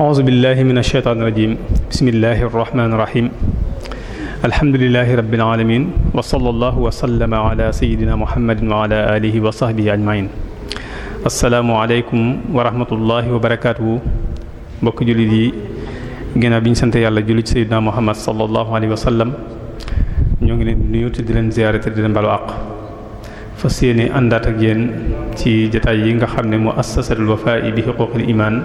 أعوذ بالله من الشيطان الرجيم بسم الله الرحمن الرحيم الحمد لله رب العالمين وصلى الله وسلم على سيدنا محمد وعلى آله وصحبه أجمعين السلام عليكم ورحمة الله وبركاته mbokk jullit yi ginnaaw bi ñu sant yàlla julli ci sayyidina muhammad sallallahu alayhi wa sallam ñoo ngi leen nuyu te di leen ziyaare te di leen balu àq fas yéene àndaat ak yéen ci jataay yi nga xam ne mu assasatul wafaa'i bi xuquuqil imaan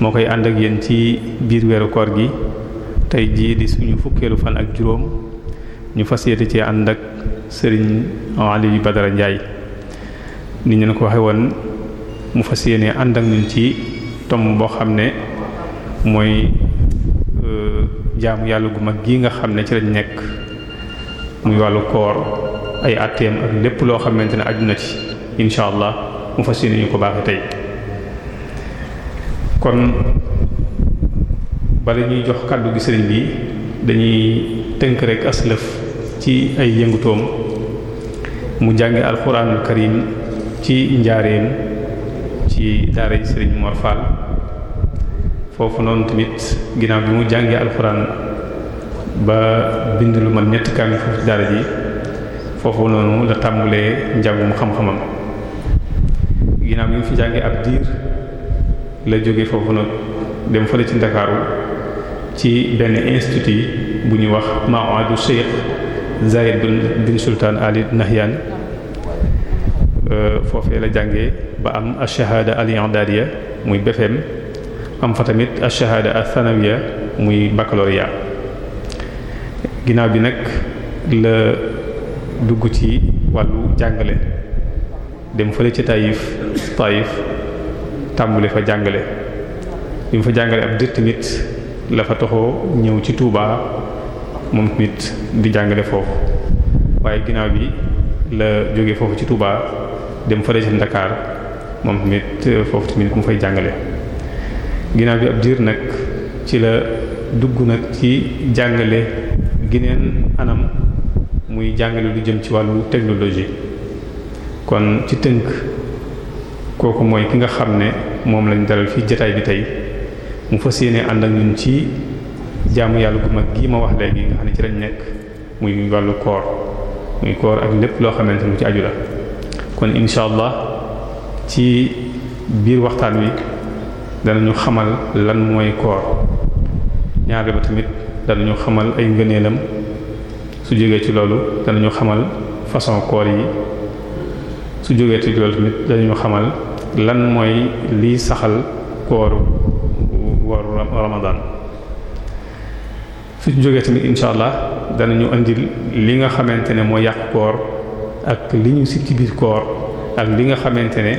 moo koy ànd ak yéen ci biir weeru koor gi tey jii di suñu fukkeelu fan ak juróom ñu fas yéene ci àndak ak sëriñ Aliou Badara Ndiaye ni ñu ko waxe mu fas yéene ànd ñun ci tomb boo xam ne mooy euh, jaamu yàlla gu mag gi nga xam ne ci lañ nekk muy wàllu koor ay atteem ak lépp loo xamante ne aju ci incha allah mu fas yéene ñu ko baaxe tey kon bale ñuy jox kàddu gi sëriñ bi dañuy tënk rek aslëf ci ay yëngutoom mu jànge alxuraanul karim ci njaareem ci daara yi sëriñ Mor foofu noonu tamit ginnaaw bi mu jàngee alxuraan ba bind lu man ñetti kaamil foofu ci daara ji foofu noonu la tàmbulee njàngum xam-xamam ginnaaw bi mu fi jàngee ab diir la jóge foofu nag dem fële ci ndakaaru ci benn institut bu ñuy wax ma'adu Cheikh Zayed bin Sultan Ali Nahyan euh, foofee la jàngee ba am ashahada al-i'dadiyya muy BFEM am fa tamit ash-shahada ath-thanawiya muy baccalauréat ginnaaw bi nag la dugg ci wàllu jàngale dem fële ci Taïf Taïf tàmbule fa jàngale bi mu fa jàngale ab dër tamit la fa toxoo ñëw ci tuubaa moom tamit di jàngale foofu waaye ginnaaw bi la jógee foofu ci tuubaa dem fële ci Dakar moom tamit foofu tamit mu fay jàngale ginnaaw bi ab diir nag ci la dugg nag ci jàngale gineen anam muy jàngale lu jëm ci wàllu technologie kon ci tënk kooku mooy ki nga xam ne moom lañ dalal fii jataay bi tey mu fas yéene ànd ak ñun ci jaamu yàlla gu mag gii ma wax léegi nga xam ne ci lañ nekk muy wàllu koor muy koor ak lépp loo xamante lu ci aju la kon incha ci biir waxtaan wi ñu xamal lan mooy koor ñaare ba tamit ñu xamal ay ngëneelam su jógee ci loolu ñu xamal façon koor yi su jógee ci loolu tamit ñu xamal lan mooy liy saxal kooru wooru Ramadan su jógee tamit incha allah danañu indil li nga xamante ne moo yàq koor ak li ñu si ci biir koor ak li nga xamante ne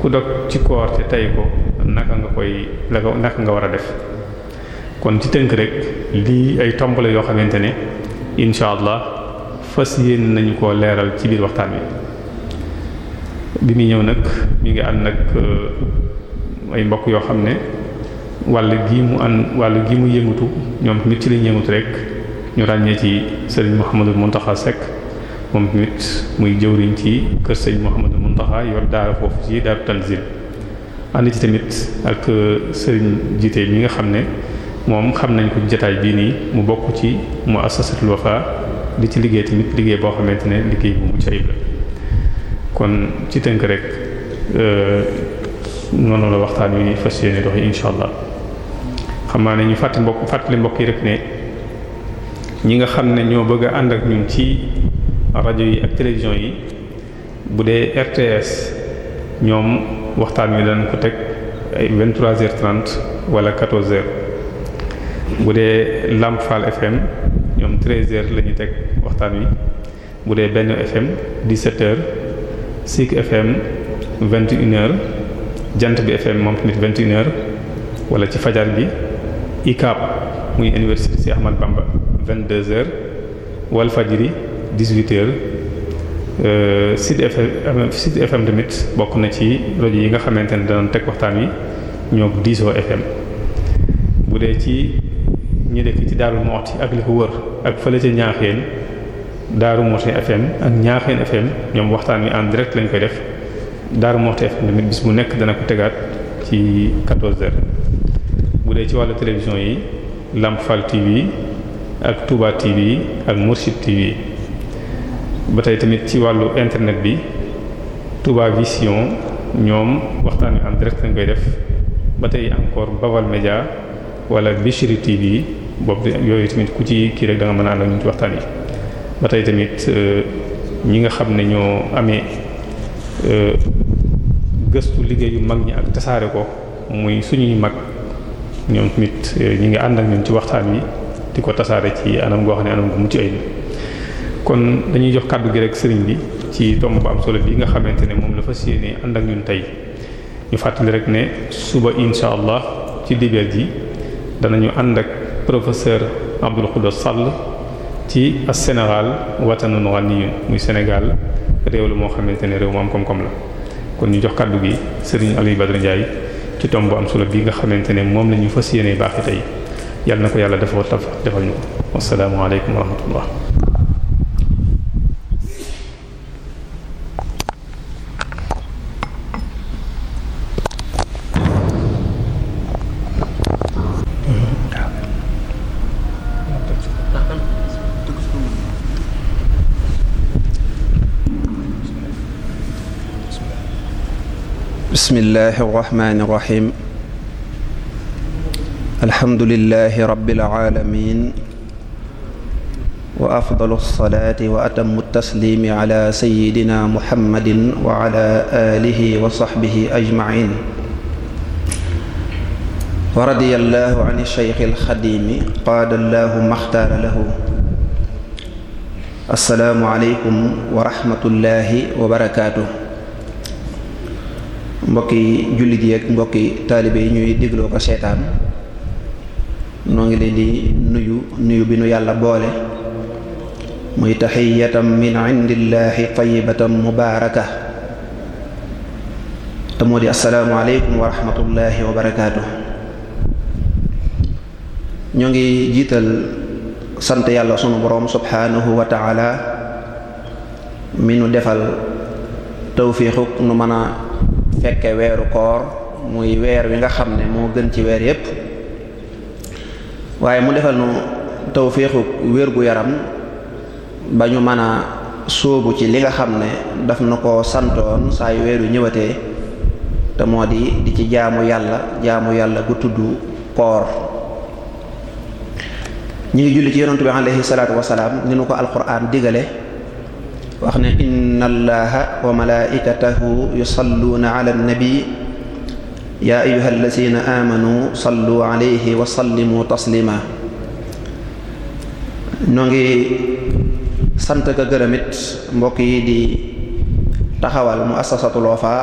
ku dog ci koor te tey ko naka nga koy la ko naka nga war a def kon ci tënk rek lii ay tomb yoo xamante ne incha allah fas yéen nañu ko leeral ci biir waxtaan bi bi muy ñëw nag mi ngi ànd nag euh, ay mbokk yoo xam ne wàll gi mu ànd wàll gi mu yëngatu ñoom tamit ci lañ yëngatu rek ñu ràññee ci sëriñ Mouhamadou Mountakha Seck moom tamit muy jëwriñ ci kër sëriñ Mouhamadou Mountakha yoo daara foofu ci Daaru Tanzil ànd ci tamit ak sëriñ jiite ñi nga xam ne moom xam nañ ko jotaay bii nii mu bokk ci mu assasatul wafa di ci liggéey tamit liggéey boo xamante ne liggéey bu mucc ayib la kon ci tënk rek euh, noonu la waxtaan wi fas yéene doxi incha allah xam naa ne ñu fàttali mbokk fàttali mbokk yi rek ne ñi nga xam ne ñoo bëgg a ànd ak ñun ci rajo yi ak télévision yi bu dee RTS ñoom. waxtaan wi daan ko teg ay 23h30 wala 14h bu dee Lamp FM ñoom 13h teg waxtaan wi bu dee benn FM 17h Sik FM 21h Jant bi FM moom tamit 21h wala ci fajar bi ICAP muy université Cheikh Ahmad Bamba 22h Walfadjri 18h. Euh, Sud FM euh, Sud FM tamit bokk na ci rajo yi nga xamante ne danañ teg waxtaan ñoo ñoom Diso FM bu dee ci ñu dëkk ci Darou Moukhty ak li ko wër ak fële ca Ñaaxeen Darou Moukhty FM ak Ñaaxeen FM ñoom waxtaan wi en direct lañ koy def Darou Moukhty FM tamit bis bu nekk dana ko tegaat ci 14 bu dee ci wàll télévision yi làmp Fall TV ak Touba TV ak Mourchid TV. ba tey tamit ci wàllu internet bi Touba Vision ñoom waxtaan wi am direct lañ koy def ba tey encore Baval Média wala Bichri TV boobu yooyu tamit ku ci kii rek da nga mën a ànd ñu ci waxtaan yi ba tey tamit euh, ñi nga xam ne ñoo amee euh, gëstu liggéeyu mag ñi ak tasaare ko muy suñuy mag ñoom tamit euh, ñi ngi ànd ak ñun ci waxtaan wi di ko tasaare ci anam goo xam ne anam gu mucc ayib kon dañuy jox kàddu gi rek sëriñ bi ci tomb bu am solo bi nga xamante ne moom la fas yéene ànd ak ñun tey ñu fàttali rek ne suba incha allah ci dibeer ji danañu ànd ak professeur Abdoul Khoudoss Sall ci as Sénégal watanun ghaniyun muy Sénégal réew moo xamante ne réew mu am la kon ñu jox kàddu gi sëriñ Aliou Badara ci tomb bu am solo bi nga xamante ne moom la ñu fas yéene baaxee tey yàlla na ko yàlla defal defal ñu ko wassalaamu aleykum wa bismillahi arrahmani irrahim alhamdulilahi rabiilalamin wa afdalu alsalaati wa atamu ltaslimi ala sayidina muhammadin wa ala alihi wa saxbihi ajmain wa radia allahu an alcheikh alxadimi qaada allahu maxtaara lahu assalaamu aleykum wa rahmatullahi wa barakaatuh mbokki jullit yi ak mbokki taalibe yi ñuy dégloo ko seetaan noo ngi leen di nuyu nuyu bi nu yàlla boole muy taxiyatan min indillahi tayyibatan mubaaraka te moo di assalaamu aleykum wa rahmatullahi wa barakaatu ñoo ngi jiital sant yàlla sunu boroom subhaanahu wa taala mi nu defal tawfiixuk nu mën fekke weeru koor muy weer wi nga xam ne moo gën ci weer yépp waaye mu defal nu tawféexu wérgu yaram ba ñu mën a sóobu ci li nga xam ne daf na ko santoon saa weeru weer ñëwatee te moo di di ci jaamu yàlla jaamu yàlla gu tudd koor ñi ngi julli ci yonentu bi alayhi salaatu ni nu ko alquran digale wax ne inna allaha wa malaa'ikatahu yusalluuna ala nabi yaa ayuha allazina amanu sallu alayhi wa sallimu taslima ñoo ngi sant ka gërëmit mbokk yi di taxawal mu assasatul Wafa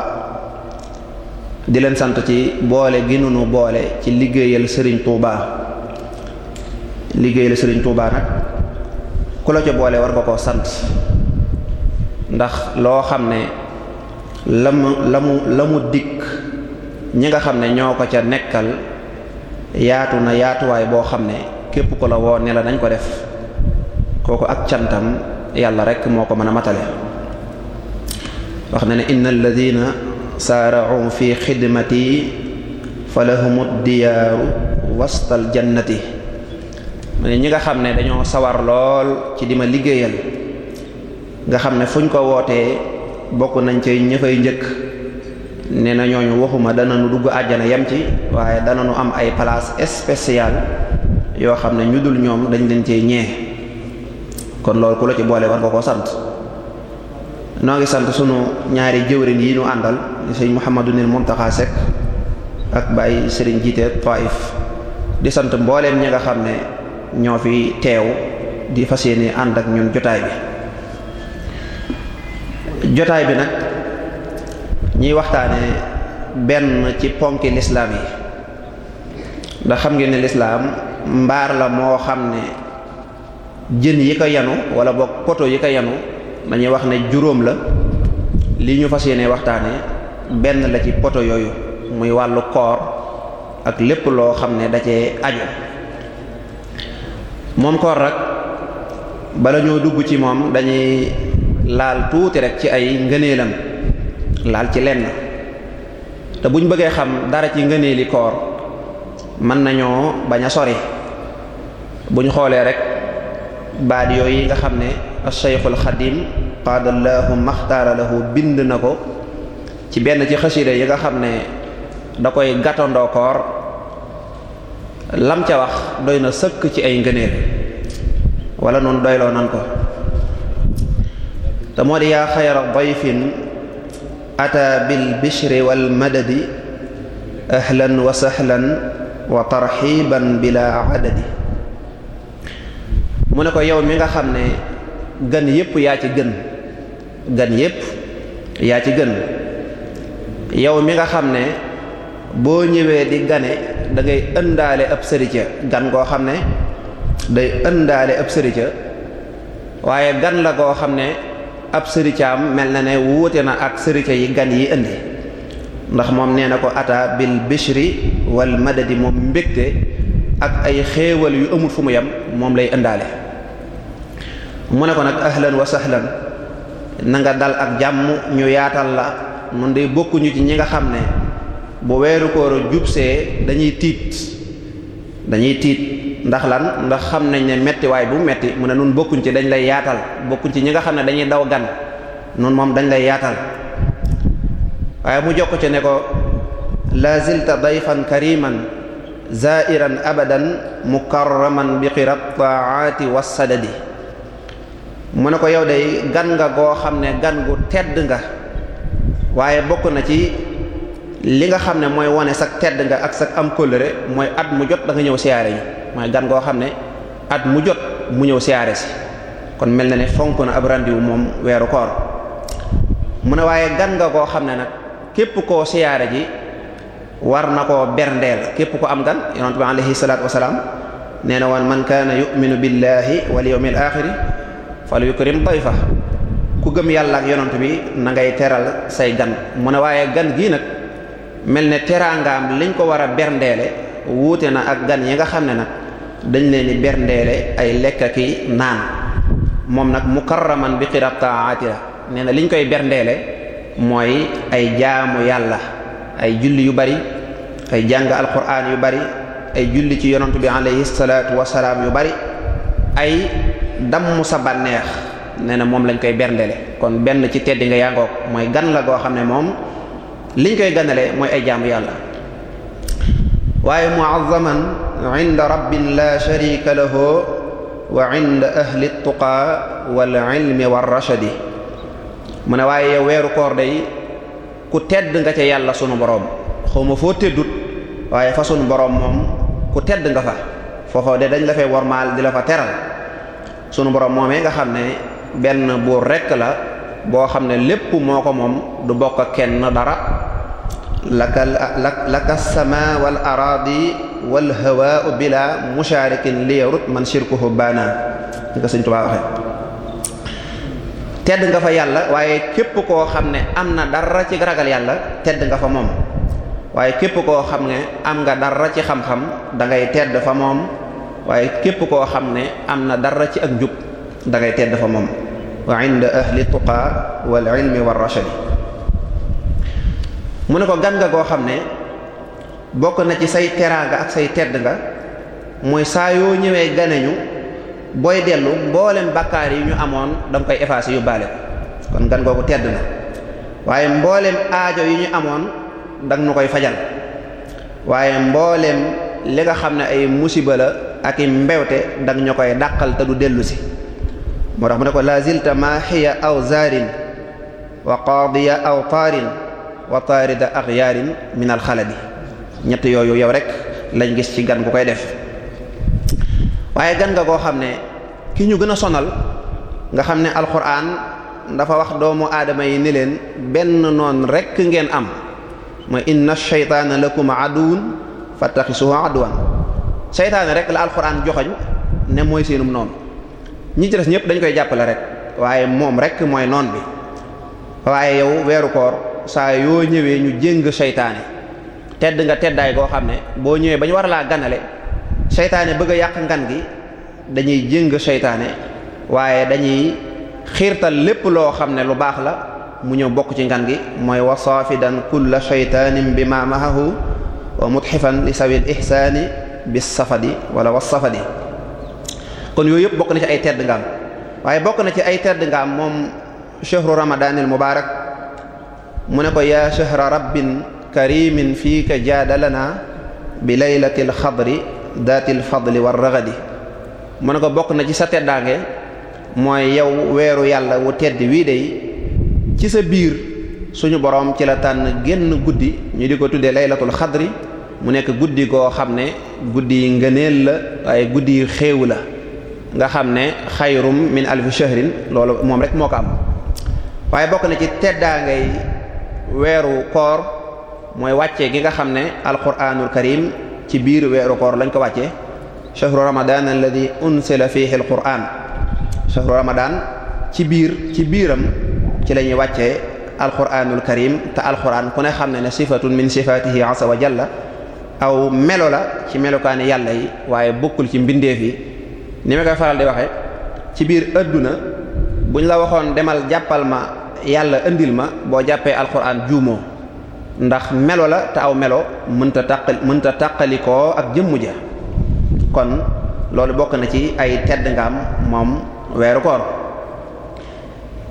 di leen sant ci boole gi nu boole ci liggéeyal sëriñ tuubaa liggéeyal sëriñ tuubaa nag ku la ca boole war nga koo sant ndax loo xam ne la mu la mu la mu dikk ñi nga xam ne ñoo ko ca nekkal yaatu na yaatuwaay boo xam ne képp ko la woo ne la dañ ko def kooku ak cantam yàlla rek moo ko mën a matale wax na ne inna alladina saara'u fi xidmati fa lahumu diyaaru wastal jannati mu ne ñi nga xam ne dañoo sawar lool ci di ma liggéeyal nga xam ne fuñ ko wootee bokk nañ ci ña fay njëkk nee na ñooñu waxuma dana nu dugg àjjana yem ci waaye dana nu am ay place spéciale yoo xam ne ñu dul ñoom dañ leen cee ñee kon loolu ku la ci boole war nga ko sant noo ngi sant sunu ñaari jëwrin yi ñu àndal si sëñ Mouhamadou Nil Mountakha Seck ak Baye Serigne Jiite Taif di sant mbooleem ñi nga xam ne ñoo fi teew di fas yéene ànd ak ñun jotaay bi jotaay bi nag ñuy waxtaane benn ci ponki lislaam yi ndax xam ngeen ne lislaam mbaar la moo xam ne jën yi ko yanu walla boog poto yi ko yanu dañuy wax ne juróom la li ñu fas yéene waxtaane benn la ci poto yooyu muy wàllu koor ak lépp loo xam ne da aju moom koor rek bala ñoo dugg ci moom dañuy laal tuuti rekk ci ay ngëneelam laal ci lenn te buñ bëggee xam dara ci ngëneeli koor mën nañoo ba a sori buñ xoolee rek baat yooyu nga xam ne as-Sayxul Xadim qaadallaahu maxtaara bind na ko ci benn ci xasida yi nga xam ne da koy gàttandoo koor lam ca wax doy na sëkk ci ay ngëneel wala noonu doyloo nan ko te moo di yaa xayra dayfin ata bil bishri wal madadi ahlan wa sahlan wa tarxiban bila adadi mu ne ko yow mi nga xam ne gan yépp yaa ci gën gan yépp yaa ci gën yow mi nga xam ne boo ñëwee di gane dangay ëndaale ab sërica gan goo xam ne day ëndaale ab sërica waaye gan la goo xam ne ab sëricaam mel na ne wuute na ak sërica yi gan yi indi ndax moom nee na ko ata bil bishri wal madadi moom mbégte ak ay xéewal yu amul fu mu yem moom lay ëndaale mu ne ko nag ahlan wa sahlan nanga dal ak jàmm ñu yaatal la mun de bokkuñu ci ñi nga xam ne bu weeru koor jubsee dañuy tiit dañuy tiit ndax lan ndax xam nañ ne metti waay bu metti mu ne nun bokkuñ ci dañ lay yaatal bokkuñ ci ñi nga xam ne dañuy daw gan nun moom dañ lay yaatal waaye mu ko ci ne ko la zilta dayfan kariman zairan abadan mukarraman bi xirat taati wassadadi mu ne ko yow day gan nga goo xam ne gan gu tedd nga waaye bokk na ci li nga xam ne mooy wone sag tedd nga ak sag am kóllëre mooy at mu jot da nga ñëw siyaare yi mooy gan goo xam ne at mu jot mu ñëw siyaare si kon mel na ne fonk na ab randiwu moom weeru koor mu ne waaye gan nga koo xam ne nag képp koo siyaare ji war na koo berndeel képp ko am gan yonent bi alayhi na woon man kaana yu'minu wal yawmil aaxiri ku gëm yàlla ak yonent bi na teral say gan mu ne waaye gan gii nag mel ne teraangaam liñ ko war a berndeele wuute na ak gan yi nga xam ne nag dañ leen di berndeele ay lekk ak naan moom nag mukarraman bi xirab taaati la nee na liñ koy berndeele mooy ay jaamu yàlla ay julli yu bari ay jàng alquran yu bari ay julli ci yonantu bi alayhi salaatu wasalaam yu bari ay dammu sa bànneex nee na moom lañ koy berndele kon benn ci teddi nga yàngoog mooy gan la goo xam ne moom liñ koy ganale mooy ay jaamu yàlla waaye muazzaman inda rabbin la sharika lahu wa inda ahli tuqaa wal ilmi rashadi mu ne waaye weeru koor day ku tedd nga ca yàlla sunu boroom xawma foo teddut waaye fa sunu boroom moom ku tedd nga fa foofoo de dañ la fay wormaal di la fa teral sunu boroom moomee nga xam ne benn buur rekk la boo xam ne lépp moo ko moom du bokk kenn dara laka laka sama wal araadi wal hawaau bila musharikin li yarut man shirkuhu baana ni tedd nga fa yàlla waaye képp koo xam ne am na dara ci ragal yàlla tedd nga fa moom waaye képp koo xam ne am nga dara ci xam-xam da ngay tedd fa moom waaye képp koo xam ne am na dara ci ak njub dangay ngay tedd fa moom wa inda ahli tuqaa wal ilmi war rashadi mu ne ko gan nga goo xam ne bokk na ci say teraanga ak say tedd nga mooy saa yoo ñëwee ñu booy dellu mboolem bakkaar yi ñu amoon danga koy effacer yóbbaale kon gan googu tedd na waaye mbooleem aajo yi ñu amoon danga ñu koy fajal waaye mboolem li nga xam ne ay musiba la ak i mbewte danga ñu koy dàqal te du dellu si moo tax mu ne ko lazilta maaxiya aw zarin wa qaadiya aw taarin wa taarida axyaarin minal al xaladi ñett yooyu yow rek lañ gis ci gan gu koy def waaye gan nga koo xam ne ki ñu gën a sonal nga xam ne alxuraan dafa wax doomu aadama yi ni leen benn noon rek ngeen am mooy na inna shaytaana lakum aduwwun fattaxisuhu aduwwan seytaane rek la alxuraan joxoñ ne mooy seenum noonu ñi ci des ñëpp dañ koy jàppale rek waaye moom rekk mooy noon bi waaye yow weeru koor saa yoo ñëwee ñu jéng seytaane tedd nga teddaay goo xam ne boo ñëwee ba ñu war laa ganale seytaane bëgg a yàq ngan gi dañuy jéng seytaane waaye dañuy xiirtal lépp loo xam ne lu baax la mu ñëw bokk ci ngan gi mooy wa saafidan kulla sheytaanin bi ma mahahu wa mutxifan sawil ihsaani bis safadi wala wa safadi kon yooyu yëpp bokk na ci ay tedd ngaam waaye bokk na ci ay tedd ngaam moom chehru ramadanil mubarak mu ne ko yaa shahra rabbin karimin fiika jaadalana bi laylati alxadri daati alfadli war ragadi mu ne ko bokk na ci sa teddaange mooy yow weeru yàlla wu tedd wii dey ci sa biir suñu boroom ci la tànn génn guddi ñu di ko tuddee laylatul xadri mu nekk guddi goo xam ne guddi yi ngëneel la ay guddi yi xéew la nga xam ne xayrum min alfi shahrin loolu moom rek moo ko am waaye bokk na ci teddaangay weeru koor mooy wàcce ki nga xam ne alquranul karim ci biir weeru koor lañ ko wàcce shahru ramadan alladi unsila fihi alquran shahru ramadan ci biir ci biiram ci lañuy wàcce wàccee alquranul karim te alxuraan ku ne xam ne ne sifatun min sifatihi asa wa jalla aw melo la ci melokaani yàlla yi waaye bokkul ci mbindeef yi ni ma koy faral di waxe ci biir adduna buñ la waxoon demal jàppal ma yàlla indil ma boo jàppee alxuraan juumoo ndax melo la te aw melo mënta tàqali mënta tàqalikoo ak jëmm ja kon loolu bokk na ci ay tedd ngaam moom weeru koor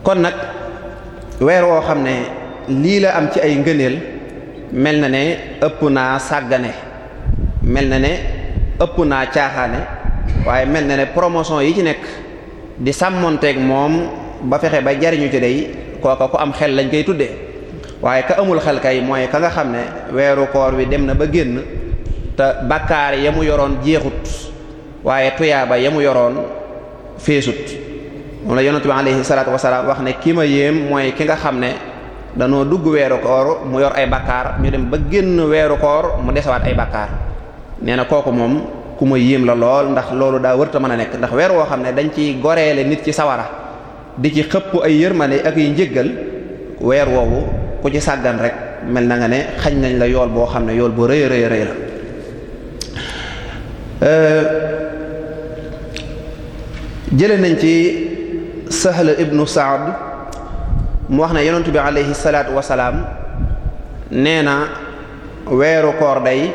kon nag weer woo xam ne lii la am ci ay ngëneel mel na ne ëpp naa sàggane mel na ne ëpp naa caaxaane waaye mel na ne promotion yi ci nekk di sàmmonteeg moom ba fexe ba jariñu ci day kooka ku am xel lañ koy tuddee waaye ka amul xel kay mooy ka nga xam ne weeru koor wi dem na ba génn te bakkaar ya mu yoroon jeexut waaye tuyaaba ya mu yoroon feesut moom la yonent bi alayhi salaatu wax ne ki ma yéem mooy ki nga xam ne danoo dugg weeru koor mu yor ay bakkaar ñu dem ba génn weeru koor mu desewaat ay bakkaar nee na kooku moom ku ma yéem la lool ndax loolu daa wërta mën a nekk ndax weer woo xam ne dañ ciy goreele nit ci sawara di ci xëpp ay yërmande ak yi njëggal weer woowu ku ci sàggan rek mel na nga ne xañ nañ la yool boo xam ne yool bu rëy rëy rëy la euh, jële nañ ci Sahl ibnu Saad mu wax na yenantu bi aleyhi salaatu wasalaam nee na weeru koor day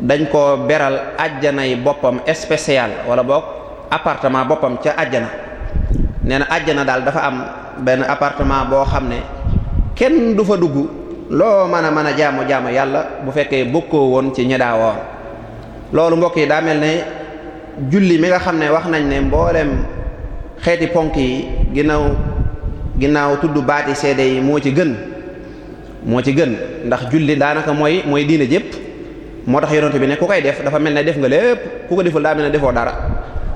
dañ ko beral ajjanay boppam especial wala boog appartement boppam ca ajjana nee na àjjana daal dafa am benn appartement boo xam ne kenn du fa dugg loo mën a mën a jaamu jaamu yàlla bu fekkee bokkoo woon ci ñedaa woor loolu mbokk yi daa mel na julli mi nga xam ne wax nañ ne mbooleem xeeti ponk yi ginnaaw ginnaaw tudd baati seede yi moo ci gën moo ci gën ndax julli daanaka mooy mooy diine jëpp moo tax yonent bi ne ku koy def dafa mel ne def nga lépp ku ko deful daa mel na defoo dara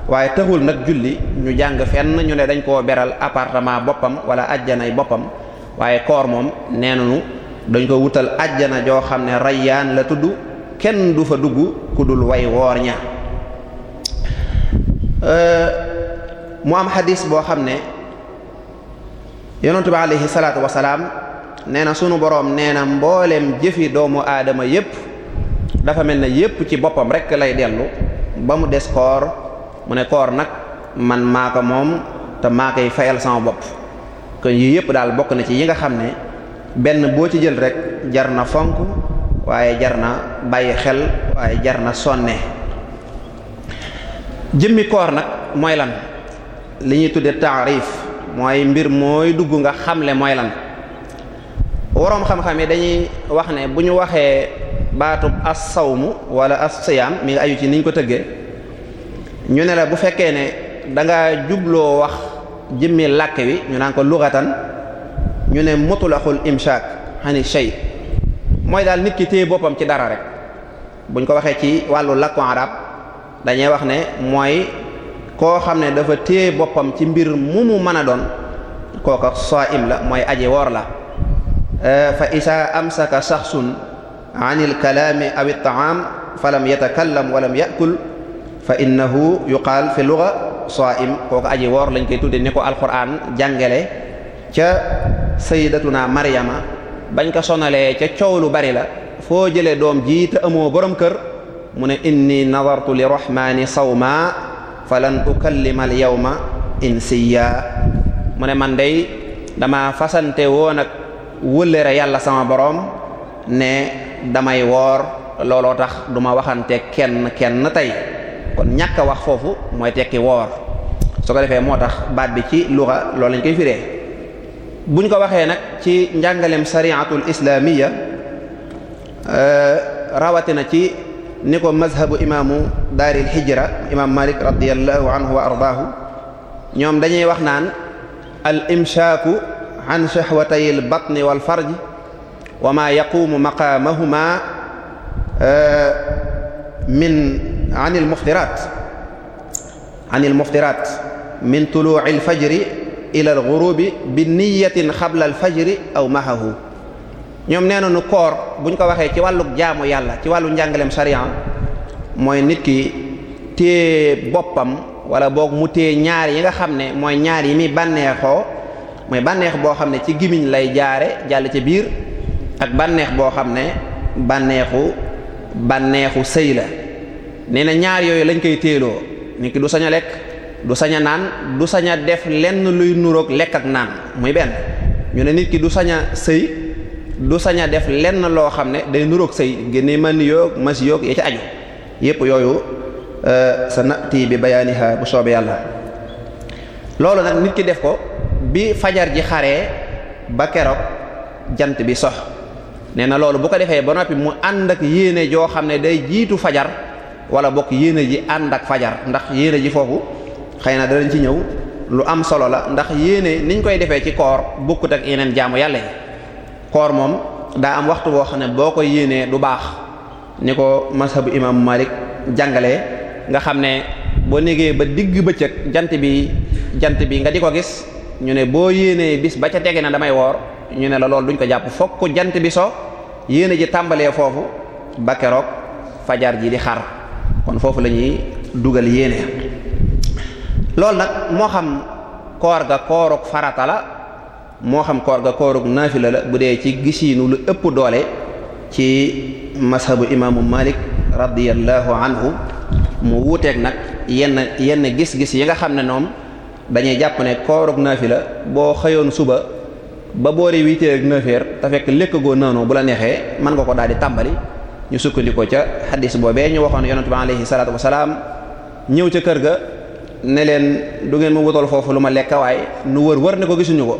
waaye taxul nag julli ñu jàng fenn ñu ne dañ koo beral appartement boppam wala ajjanay boppam waaye koor moom nee nañu dañ ko wutal ajjana joo xam ne rayyaan la tudd kenn du fa dugg ku dul woy woor ña mu am xadis boo xam ne yonentu bi alayhi salaatu nee na sunu boroom nee na mbooleem jëfi doomu aadama yépp dafa mel ne yépp ci boppam rekk lay dellu ba mu des koor mu ne koor nag man maa moom te maa koy fayal sama bopp kon yii yëpp daal bokk na ci yi nga xam ne benn boo ci jël rek jar na fonk waaye jar na bàyyi xel waaye jar na sonne jëmmi koor nag mooy lan li ñuy tudde taarif mooy mbir mooy dugg nga xamle mooy lan waroom xam-xam yi dañuy wax ne bu ñu waxee baatub as sawmu wala as siyaam mi nga aju ci niñ ko tëggee ñu ne la bu fekkee ne dangaa jubloo wax jëmmi làkk wi ñu naan ko lughatan ñu ne mutlaqul imshak hani shay mooy daal nit ki téye boppam ci dara rek buñ ko waxee ci wàllu làkku arab dañuy wax ne mooy koo xam ne dafa téye boppam ci mbir mu mu mën a doon kooka saa'im la mooy aji woor la fa isaa amsaka shakhsun anil kalaami aw at-ta'am falam yatakallam walam ya'kul fa innahu yuqaal fi lugha saa'im kooku aji woor lañ koy tudde ni ko alxuraan jàngale ca sayyidatuna maryama bañ ko sonalee ca coow lu bari la foo jëlee doom ji te amoo borom kër mu ne inni nadartu li rahmaani sawma falan ukallima al yawma insiya mu ne man dey dama fasante woon ak wëllëre yàlla sama boroom ne damay woor looloo tax duma waxante kenn kenn tey kon ñàkk wax foofu mooy tekki woor su ko defee moo tax baat bi ci luxa loolu lañ koy firee buñ ko waxee nag ci njàngaleem sariatul islaamiya euh, rawatina ci ni ko mazhabu imaamu daaril hijra imaam malik radiallahu anhu wa ardaahu ñoom dañuy wax naan al imshaaku an shahwatay al batni wal farj wa ma yaqumu maqaamahuma euh, min anil muftiraat anil muftiraat min tuluu'il fajri ilal gurubi bi niyatin xablal fajiri aw mahahu ñoom nee nañu koor buñ ko waxee ci wàllu jaamu yàlla ci wàllu njàngaleem sariya mooy nit ki téye boppam walla boog mu téye ñaar yi nga xam ne mooy ñaar yi muy bànneexoo mooy bànneex boo xam ne ci gimiñ lay jaare jàll ci biir ak bànneex boo xam ne bànneexu bànneexu sëy la nee na ñaar yooyu lañ koy téeloo nit ki du sañ lekk du sañ a naan du sañ a def lenn luy nuroog lekk ak naan muy benn ñu ne nit ki du sañ a sëy du sañ a def lenn loo xam ne day nuroog sëy génne mën yoog mas yoog ya ca aju yépp yooyu euh, sa nati bi bayaaniha bu soobee yàlla loolu nag nit ki def ko bi fajar ji xaree ba keroog jant bi sox nee na loolu bu ko defee ba noppi mu ànd ak yéene joo xam ne day jiitu fajar wala bokk yéene ji ànd ak fajar ndax yéene ji foofu xëy na danañ ci ñëw lu am solo la ndax yéene niñ koy defee ci koor bokkut ak yeneen jaamu yàlla yi koor moom daa am waxtu boo xam ne boo koy yéenee du baax ni ko mashabu imaamu Malik jàngale nga xam ne boo négee ba digg bëccëg jant bi jant bi nga di ko gis ñu ne boo yéenee bis ba ca tege na damay woor ñu ne la loolu duñ ko jàpp fokk jant bi so yéene ji tàmbalee foofu ba keroog fajar ji di xar kon foofu la ñuy dugal yéene loolu nag moo xam koor ga koorug farata la moo xam koor ga koorug naafi la bu dee ci gisiinu lu ëpp doole ci mashabu imaamu Malik radiyallahu anhu mu wuuteeg nag yenn yenn gis-gis yi nga xam ne noonu dañuy jàpp ne koorug la boo xëyoon suba ba boori huit heures ak neuf te fekk lekk goo naanoo bu la neexee mën nga ko daal di tàmbali ñu sukkandikoo ca xaddis boobee ñu waxoon yonent bi alayhi salaatu wasalaam ñëw ca kër ga ne leen du ngeen ma wutal foofu lu ma lekk waaye nu wër wër ne ko gisuñu ko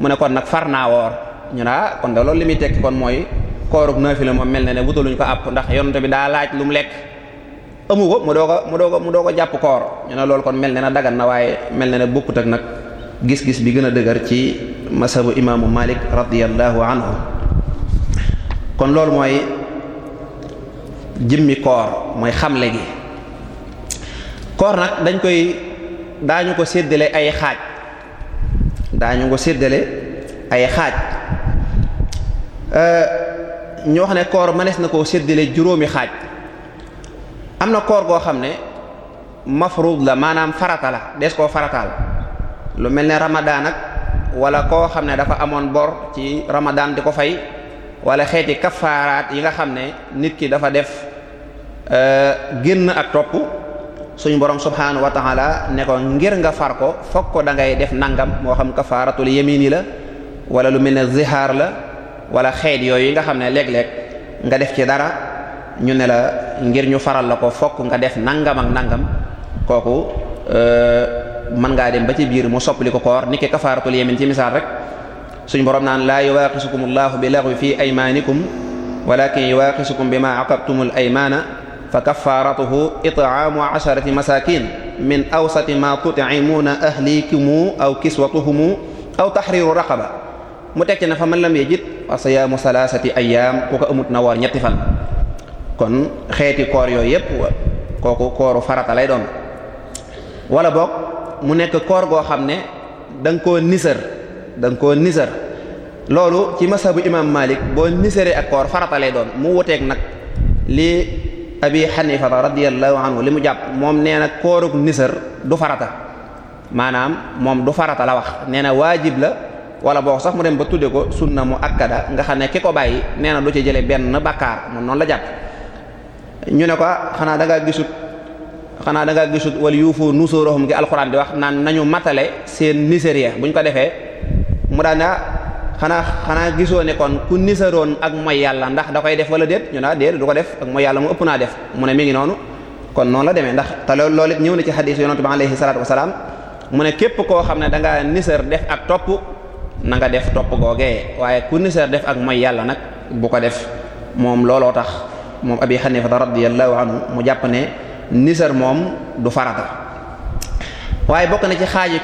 mu ne kon nag far naa woor ñu ne ah kon da loolu li muy tekki kon mooy koorug naafila moom mel na ne wutaluñ ko àpp ndax yonent bi daa laaj lu mu lekk amu ko mu doo ko mu doo ko mu doo ko jàpp koor ñu ne loolu kon mel ne na dagan na waaye mel na ne bokkut ak nag gis-gis bi gën a dëgër ci masabu imaamu Malik radiyallahu anhu kon loolu mooy jëmmi koor mooy xamle gi koor nag dañ koy daañu ko séddale ay xaaj daañu ko séddale ay xaaj euh, ñu wax ne koor mënees na koo séddale juróomi xaaj am na koor goo xam ne mafruud la maanaam farata la des koo farataal lu mel ne ramadaan ak wala koo xam ne dafa amoon bor ci ramadaan di ko fay wala xeeti kafaaraat yi nga xam ne nit ki dafa def euh, génn ak topp suñu borom subhanahu wa taala ne ko ngir nga far ko foog ko da ngay def nangam moo xam kafaaratul yemini la wala lu mel ne zihaar la wala xeet yooyu yi nga xam ne léeg-léeg nga def ci dara ñu ne la ngir ñu faral la ko fokk nga def nangam ak nangam kooku euh, man ngaa dem ba ci biir mu soppali ko koor niki kafaaratul yemin ci misaal rek suñ borom naan laa yuwaaqisukum allahu bi laghwi fi aymaanikum walakin yuwaaqisukum bi ma aqabtumul aymaana fa kaffaaratuhu it'aamu asharati masaakin min awsati ma tut'imuuna ahliikumu aw kiswatuhumu aw tahriiru raqaba mu teg ci ne fa man lam yajid fa siyaamu salaasati ayyaam ku ko amut na woor ñetti fan kon xeeti koor yooyu yëpp kooku kooru farata lay doon wala boog mu nekk koor goo xam ne danga koo da nga koo nisar loolu ci masabu imam malik boo nisaree ak koor farata lay doon mu wuteeg nag li abi xanifa radiyallahu anhu li mu jàpp moom nee na kooruk nisar du farata maanaam moom du farata la wax nee na waajib la wala boo sax mu dem ba tudde ko sunna mu akkada nga xam ne ki ko bàyyi nee na du ci jële benn bakkaar moom noonu la jàpp ñu ne ko xanaa da gisut xanaa da ngaa gisut wala yuufu nusurohum gi alxuraan di wax naan nañu matale seen niseria buñ ko defee mu daan ah xanaa xanaa gisoo ne kon ku nisaroon ak mooy yàlla ndax da koy def wala déet ñu naa ah, déet du ko def ak mooy yàlla mu ëpp naa def mu ne mi ngi noonu kon noonu la demee ndax te loolu it ñëw na ci xadiis yonent bi alayhi salaatu wasalaam mu ne képp koo xam ne da nga nisar def ak topp nanga def topp googee waaye ku nisar def ak mooy yàlla nag bu ko def moom looloo tax moom abi xanifata radiyallahu anhu mu jàpp ne nisar moom du farata waaye bokk na ci xaaji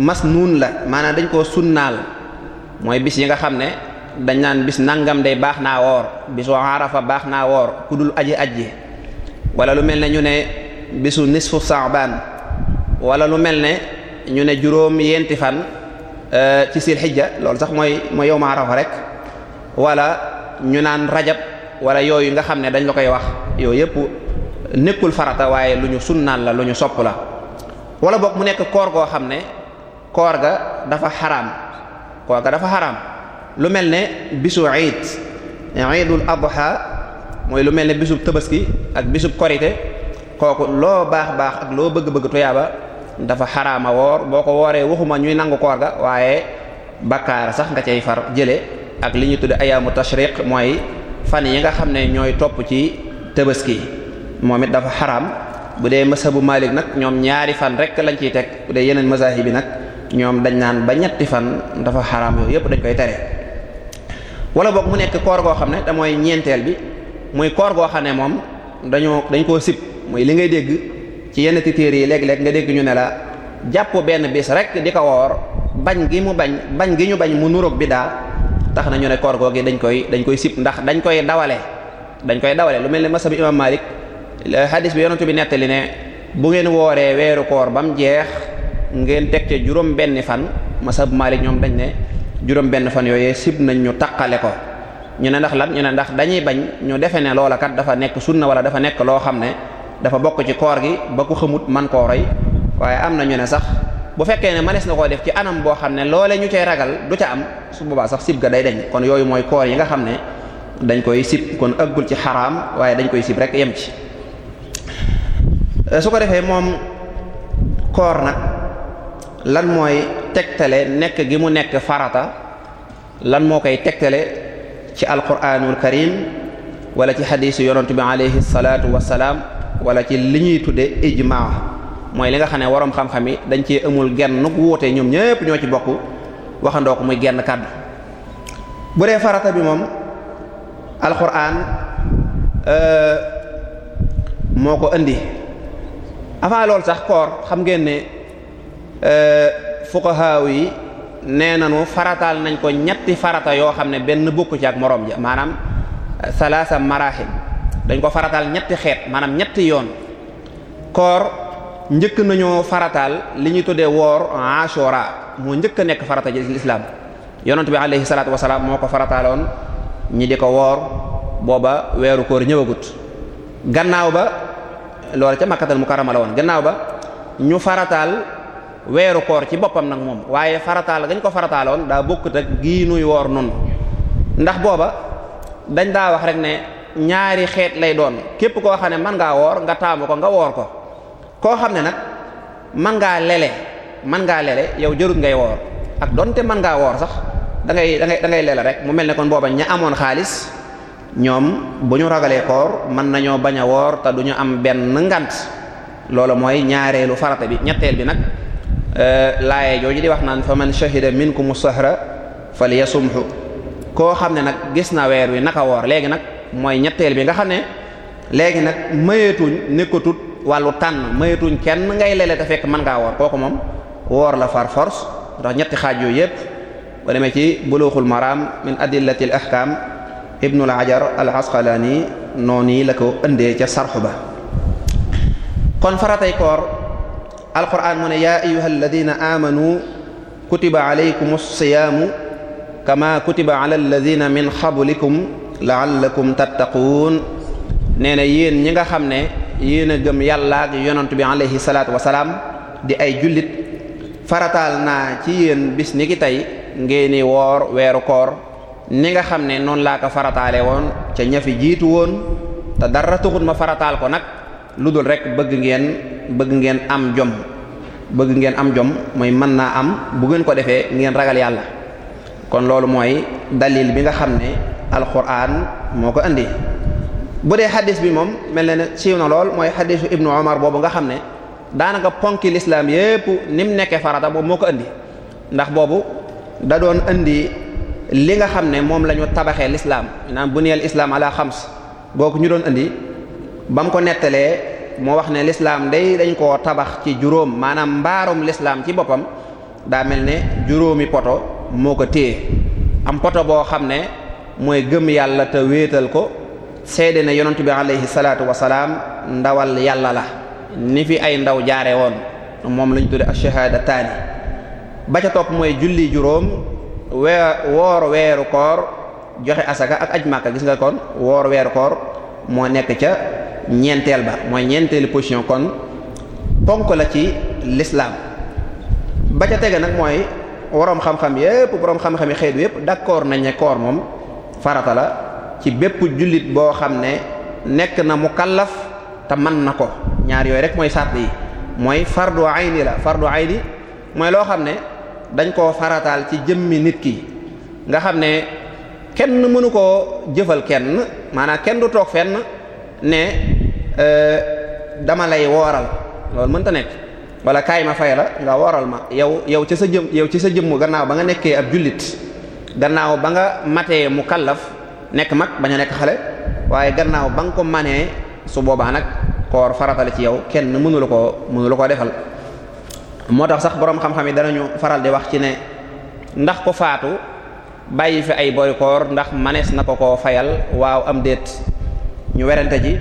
mas nuun la maanaam dañ koo sunnaal mooy bis yi nga xam ne dañ naan bis nangam de baax naa woor bisu arafa baax naa woor ku dul aji aji wala lu mel ne ñu ne bisu nisfu sa'ban wala lu mel ne ñu ne juróom yenti fan euh, ci sil xijja loolu sax mooy mooy yow ma arafa rek wala ñu naan rajab wala yooyu nga xam ne dañ la koy wax yooyu yëpp nekkul farata waaye lu ñu sunnaal la lu ñu sopp la wala boog mu nekk koor goo xam ne koor ga dafa xaraam koor ga dafa xaraam lu mel ne bisu iid iidul adha mooy lu mel ne bisub tabaski ak bisub korite kooku loo baax baax ak loo bëgg-bëgg tuyaaba dafa xaraama woor boo ko wooree waxuma ñuy nangu koor ga waaye bakkaar sax nga cay far jële ak li ñu tudde ayaamu tashriq mooy fan yi nga xam ne ñooy topp ci tabaski moom it dafa xaraam bu dee bu Malik nag ñoom ñaari fan rek lañ ciy teg bu dee yeneen mazahib bi nag ñoom dañ naan ba ñetti fan dafa xaraam yooyu yëpp dañ koy tere wala boog mu nekk koor goo xam ne damooy ñeenteel bi muy koor goo xam ne moom dañoo dañ koo sib muy li ngay dégg ci yenn titéer yi léeg-léeg nga dégg ñu ne la jàpp benn bis rek di ko woor bañ gi mu bañ bañ gi ñu bañ mu nuroog bi tax nañu ne koor goo gi dañ koy dañ koy sib ndax dañ koy dawale dañ koy dawale lu mel ne masab imam Malik hadis bi yonentu bi nettali ne bu ngeen wooree weeru koor ba mu jeex ngeen teg ca juróom benni fan masab Maalik ñoom dañ ne juróom benn fan yooyee sib nañ ñu taqale ko ñu ne ndax lan ñu ne ndax dañuy bañ ñu defe ne loola kat dafa nekk sunna wala dafa nekk loo xam ne dafa bokk ci koor gi ba ko xamut man koo roy waaye am na ñu ne sax bu fekkee ne mënees na koo def ci anam boo xam ne loole ñu cay ragal du ca am su boobaa sax sib ga day dañ kon yooyu mooy koor yi nga xam ne dañ koy sib kon ëggul ci xaraam waaye dañ koy sib rek yem ci su ko defee moom koor lan mooy tegtale nekk gi mu nekk farata lan moo koy tegtale ci alquranul karim wala ci xadiisu yonent bi alayhi salaatu salaam wala ci li ñuy tudde ijmaa mooy li nga xam ne waroom xam-xam yi dañ ci amul genn wuute ñoom ñépp ñoo ci bokk waxandoo ko muy genn kàddu bu dee farata bi moom alquran euh, moo ko indi avant loolu sax koor xam ngeen Euh, fuqahaa yi nee nañu farataal nañ ko ñetti farata yoo xam ne benn bokku ci ak moroom ja maanaam euh, salaasa marahil dañ ko farataal ñetti xeet maanaam ñetti yoon koor njëkk nañu farataal li ñuy tuddee woor ashura moo njëkk a nekk farata ji lislaam yonent bi alayhi salaatu wasalaam moo ko farataaloon ñi di ko woor booba weeru koor ñëwagut gannaaw ba loolu ca makkatal mukarrama la woon gannaaw ba ñu farataal weeru koor ci boppam nag moom waaye farataal gañ ko farataaloon daa bokkut ak gii nuy woor noonu ndax booba dañ daa wax rek ne ñaari xeet lay doon képp koo xam ne mën ngaa woor nga taamu ko nga woor ko koo xam ne nag mën ngaa lele mën ngaa lele yow jërut ngay woor ak donte mën ngaa woor sax dangay ngay da ngay rek mu mel ne kon booba ña amoon xaalis ñoom bu ñu ragalee koor mën nañoo bañ a woor te du ñu am benn ngant loolu mooy ñaareelu farata bi ñetteel bi nag Euh, laaye jooju di wax naan fa man shahida minkum sahra falyasumhu koo xam ne nag gis na weer wi naka woor léegi nag mooy ñetteel bi nga xam ne léegi nag mayeetuñ nekkatut wàllu tànn mayeetuñ kenn ngay lele te fekk mën ngaa woor kooku moom woor la far force ndax ñetti xaaj yooyu yépp ba demee ci buluuxul maraam min adillati al ahkam ibnu al hajar al asqalaani noonu la ko ëndee ca sarxu ba kon faratay koor alquran mu ne yaa ayuha alladina amanu kutiba alaykum alsiyaamu kama kutiba ala alladina min xablikum laallakum tattaquun nee na yéen ñi nga xam ne yéen a gëm yàlla bi alayhi salaatu wasalaam di ay jullit farataal naa ci yéen bis ni ki tey ngeeni woor weeru koor ni nga xam ne noonu laa ko farataale woon ca ñafi jiitu woon te dara taxut ma farataal ko nag ludul dul rek bëgg ngeen bëgg ngeen am jom bëgg ngeen am jom mooy mën naa am bu ngeen ko defee ngeen ragal yàlla kon loolu mooy dalil bi nga xam ne alquran moo ko indi bu dee xadis bi moom mel na ne siiw na lool mooy xadisu ibnu omar boobu nga xam ne daanaka ponki lislaam yépp ni mu nekkee farata moom moo ko indi ndax boobu da doon indi li nga xam ne moom la tabaxee lislaam naan bu neel islaam ala xams googu ñu doon indi ba mu ko nettalee moo wax ne lislaam day dañ koo tabax ci juróom maanaam mbaarum lislaam ci boppam daa mel ne juróomi poto moo ko téye am poto boo xam ne mooy gëm yàlla te wéetal ko seede ne yonent bi alayhi salaatu wasalaam ndawal yàlla la ni fi ay ndaw jaare woon moom lañu tudde ash-shahadataani ba ca topp mooy julli juróom weer woor weeru koor joxe asaka ak aj màkka gis nga kon woor weeru koor moo nekk ca ñeenteel ba mooy ñeenteelu position kon ponk la ci lislaam ba ca tege nag mooy waroom xam-xam yépp boroom xam-xam yi xeetu yépp d'accord nañ ne koor moom farata la ci bépp jullit boo xam ne nekk na mu mukallaf te mën na ko ñaar yooyu rek mooy sàrt yi mooy fardu ayni la fardu ayni mooy loo xam ne dañ koo farataal ci jëmmi nit ki nga xam ne kenn mënu koo jëfal kenn maanaa kenn du toog fenn ne Euh, dama lay wooral loolu mënta nekk wala kaay ma fay la nga wooral ma yow yow ci sa jëm yow ci sa jëmm gannaaw ba nga nekkee ab jullit gannaaw ba nga matee mu kallaf nekk mag bañ a nekk xale waaye gannaaw ba nga ko manee su boobaa nag koor faratale ci yow kenn mënu la koo mënu koo defal moo tax sax boroom xam-xam yi danañu faral di wax ci ne ndax ko faatu bàyyi fi ay bori koor ndax manees na ko ko fayal waaw am déet ñu werante ji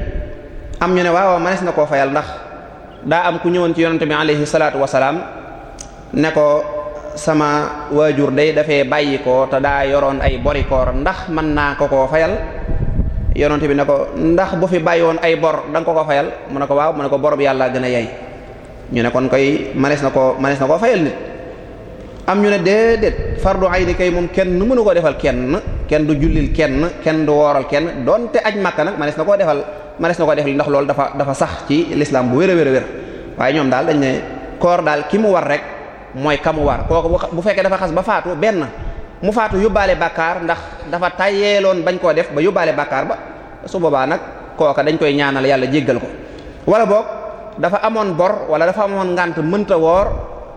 am ñu ne waaw manees na koo fayal ndax daa am ku ñëwoon ci yonante bi alayhi salaatu wasalaam ne ko sama waajur day dafee bàyyi ko te daa yoroon ay bori ndax mën naa ko koo fayal yonante bi ne ko ndax bu fi bàyyi woon ay bor da ko ko fayal mu ne ko waaw mu ne ko bor bi yàlla gën a yey ñu ne kon koy manees na koo manees na koo fayal nit am ñu ne déedéet fardu ayni kay moom kenn nu mënu koo defal kenn kenn du jullil kenn kenn du wooral kenn donte aj makka nag manees na ko def li ndax loolu dafa dafa sax ci lislaam bu wér a wér a waaye ñoom daal dañ ne koor daal ki mu war rek mooy ka mu war kooku bu fekkee dafa xas ba faatu benn mu faatu yóbbaale bàkkaar ndax dafa loon bañ koo def ba yóbbaale bàkkaar ba su boobaa nag kooka dañ koy ñaanal yàlla jéggal ko wala boog dafa amoon bor wala dafa amoon ngànt mënta woor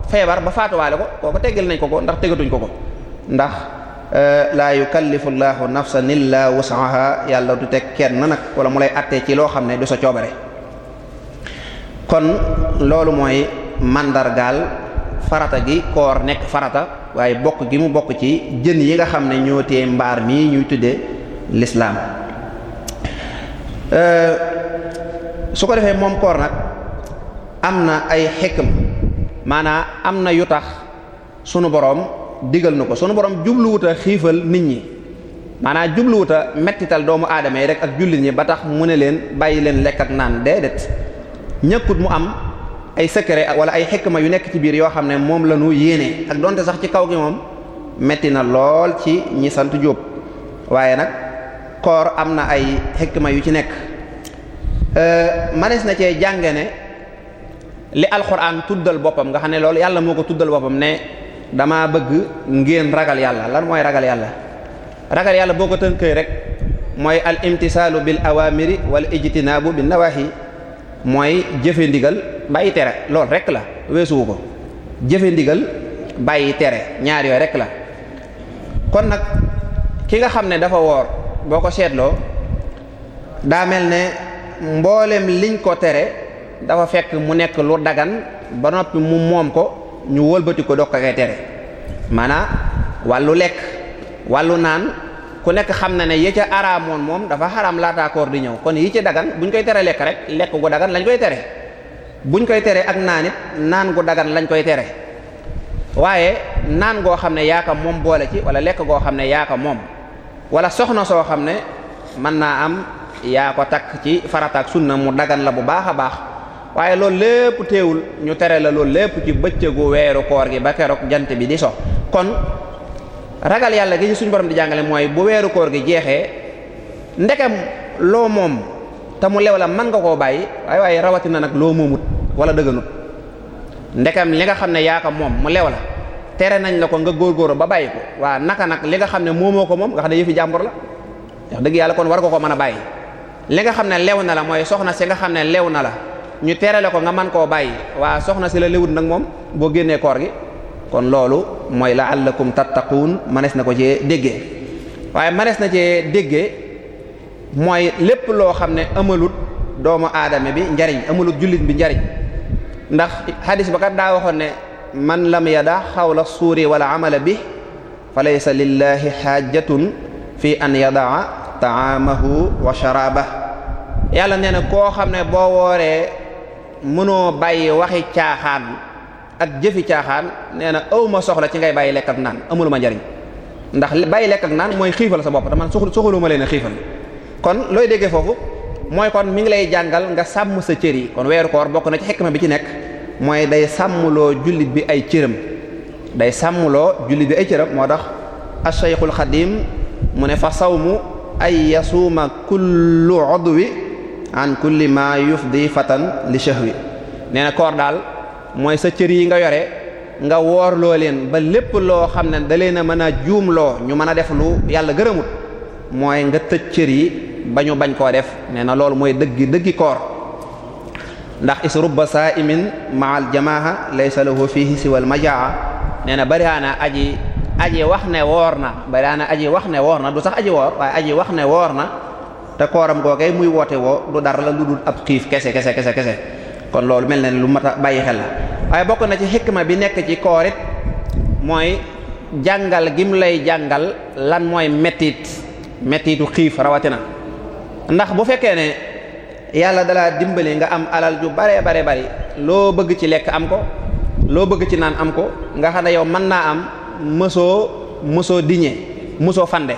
feebar ba faatuwaale ko kooka teggal nañ ko ko ndax tegatuñ ko ko ndax Eh, laa yukallifu llaahu nafsan illaa yàlla du teg kenn nag wala mu lay attee ci loo xam ne du sa coobare kon loolu mooy màndargaal farata gi koor nekk farata waaye bokk gi mu bokk ci jën yi nga xam ne ñoo mbaar mii ñuy tudde lislaam eh, su ko defee moom koor nag am na ay xikam maanaa am na yu tax sunu boroom digal na ko sunu boroom jubluwuta xiifal nit ñi maanaa jubluwut a mettital doomu aadama yi rek ak jullit ñi ba tax mu ne leen bàyyi leen lekk ak naan déedéet ñëkkut mu am ay secret wala ay xikma yu nekk ci biir yoo xam ne moom la ñu yéene ak donte sax ci kaw gi moom metti na lool ci ñi sant Jóob waaye nag koor am na ay xikma yu ci nekk euh, manees na cee jànge ne li alxuraan tuddal boppam nga xam ne loolu yàlla moo ko tuddal boppam ne dama bëgg ngeen ragal yàlla lan mooy ragal yàlla ragal yàlla boo ko tënkee rek mooy al imtisaalu bil awamiri wal ijtinaabu bin nawahi mooy jëfe ndigal bàyyi tere loolu rek la weesuwu ko jëfe ndigal bàyyi tere ñaar rek la kon nag ki nga xam ne dafa woor boo ko seetloo daa mel ne mboolem liñ ko tere dafa fekk mu nekk lu dagan ba noppi mu moom ko ñu wëlbati ko doog ko koy tere maanaam wàllu lekk wàllu naan ku nekk xam na ne yi ca araamoon moom dafa xaraam laata koor di ñëw kon yi ci dagan buñ koy tere lekk rek lekk gu dagan lañ koy tere buñ koy tere ak naan naan gu dagan lañ koy tere waaye naan goo xam ne yaaka moom boole ci wala lekk goo xam ne yaaka moom wala soxna soo xam ne mën naa am yaa ko takk ci farataak sunna mu dagan la bu baax a baax waaye loolu lépp teewul ñu tere la loolu lépp ci bëccëgu weeru koor gi ba keroog jant bi di so kon ragal yàlla gi ci suñu borom di jàngale mooy bu weeru koor gi jeexee ndekam loo moom te mu lew la mën nga koo bàyyi waaye waaye rawatina nag loo moomut wala dëgganut ndekam li nga xam ne yaa moom mu lew la tere nañ la ko nga góorgóorlu ba bàyyi ko waa naka nag li nga xam ne moomoo ko moom nga xam ne yëfi jàmbur la wax dëgg yàlla kon war nga ko mën a bàyyi li nga xam ne lew na la mooy soxna si nga xam ne lew na la ñu terale ko nga man koo bàyyi waa soxna si la léwut nag moom boo génnee koor gi kon loolu mooy la'allakum tattaquun manees na ko cee déggee waaye manees na cee déggee mooy lépp loo xam ne amalut doomu aadama bi njariñ amalut jullit bi njariñ ndax hadis ba kat daa waxoon ne man lam xaw la suuri wala amala bi fa laysa lillahi xaajatun fi an yadaa taamahu wa sharaabah yàlla nee na koo xam ne boo wooree mënoo bàyyi waxi caaxaan ak jëfi caaxaan nee na aw ma soxla ci ngay bàyyi lekk naan amulu ma njariñ ndax bàyyi lekk ak naan mooy xiifal sa bopp te man soxlu ma leen xiifal kon looy déggee foofu mooy kon mi ngi lay jàngal nga sàmm sa cër yi kon weeru koor bokk na ci xikma bi ci nekk mooy day sàmmuloo jullit bi ay cëram day sàmmuloo jullit bi ay cëram moo tax ashaykhul xadim mu ne fa sawmu ay yasuuma kullu udwi an kulli ma yufdi fatan li shahwi nee na koor daal mooy sa cër yi nga yore nga woor loo leen ba lépp loo xam ne da leen a mën a juumloo ñu mën a def lu yàlla gërëmut mooy nga tëj cër yi ba ñu bañ koo def nee na loolu mooy dëggi dëggi koor ndax is rubba sa'imin ma'al jamaaha laysa lahu fihi siwal majaa nee na barihaana aji aji wax ne woor na barihaana aji wax ne woor na du sax aji woor waaye aji wax ne woor na te kooram googee muy woote woo du dara la lu dul ab xiif kese kese kese kese kon loolu mel na ne lu mat a bàyyi xel la waaye bokk na ci xikma bi nekk ci koor it mooy jàngal gim lay jàngal lan mooy mettit mettitu xiif rawatina ndax bu fekkee ne yàlla dalaa dimbali nga am alal ju bare bare bari loo bëgg ci lekk am ko loo bëgg ci naan am ko nga xam ne yow mën naa am mësoo mësoo diñe mësoo fande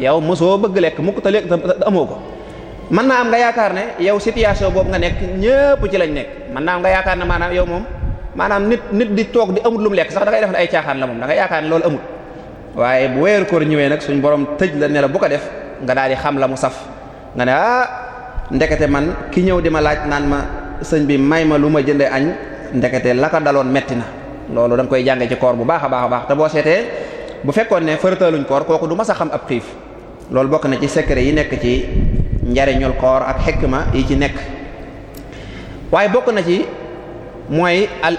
yow mosoo bëgg lekk mukk te lekk te amoo ko mën naa am nga yaakaar ne yow situation boobu nga nekk ñëpp ci lañ nekk man naa am nga yaakaar ne maanaam yow moom maanaam nit nit di toog di amut lu mu lekk sax da ngay def ne ay caaxaan la moom da ngay yaakaar ne loolu amut waaye bu weer koor ñëwee nag suñ borom tëj la ne la bu ko def nga daal di xam la mu saf nga ne ah ndekete man ki ñëw di ma laaj naan ma sëñ bi may ma lu ma jënde añ ndekete la ko daloon metti na loolu da koy jàngee ci koor bu baax a baax a seetee bu fekkoon ne fërataluñ koor kooku du mas a xam ab xiif loolu bokk na ci secret yi nekk ci njariñul koor ak xikma yi ci nekk waaye bokk na ci mooy al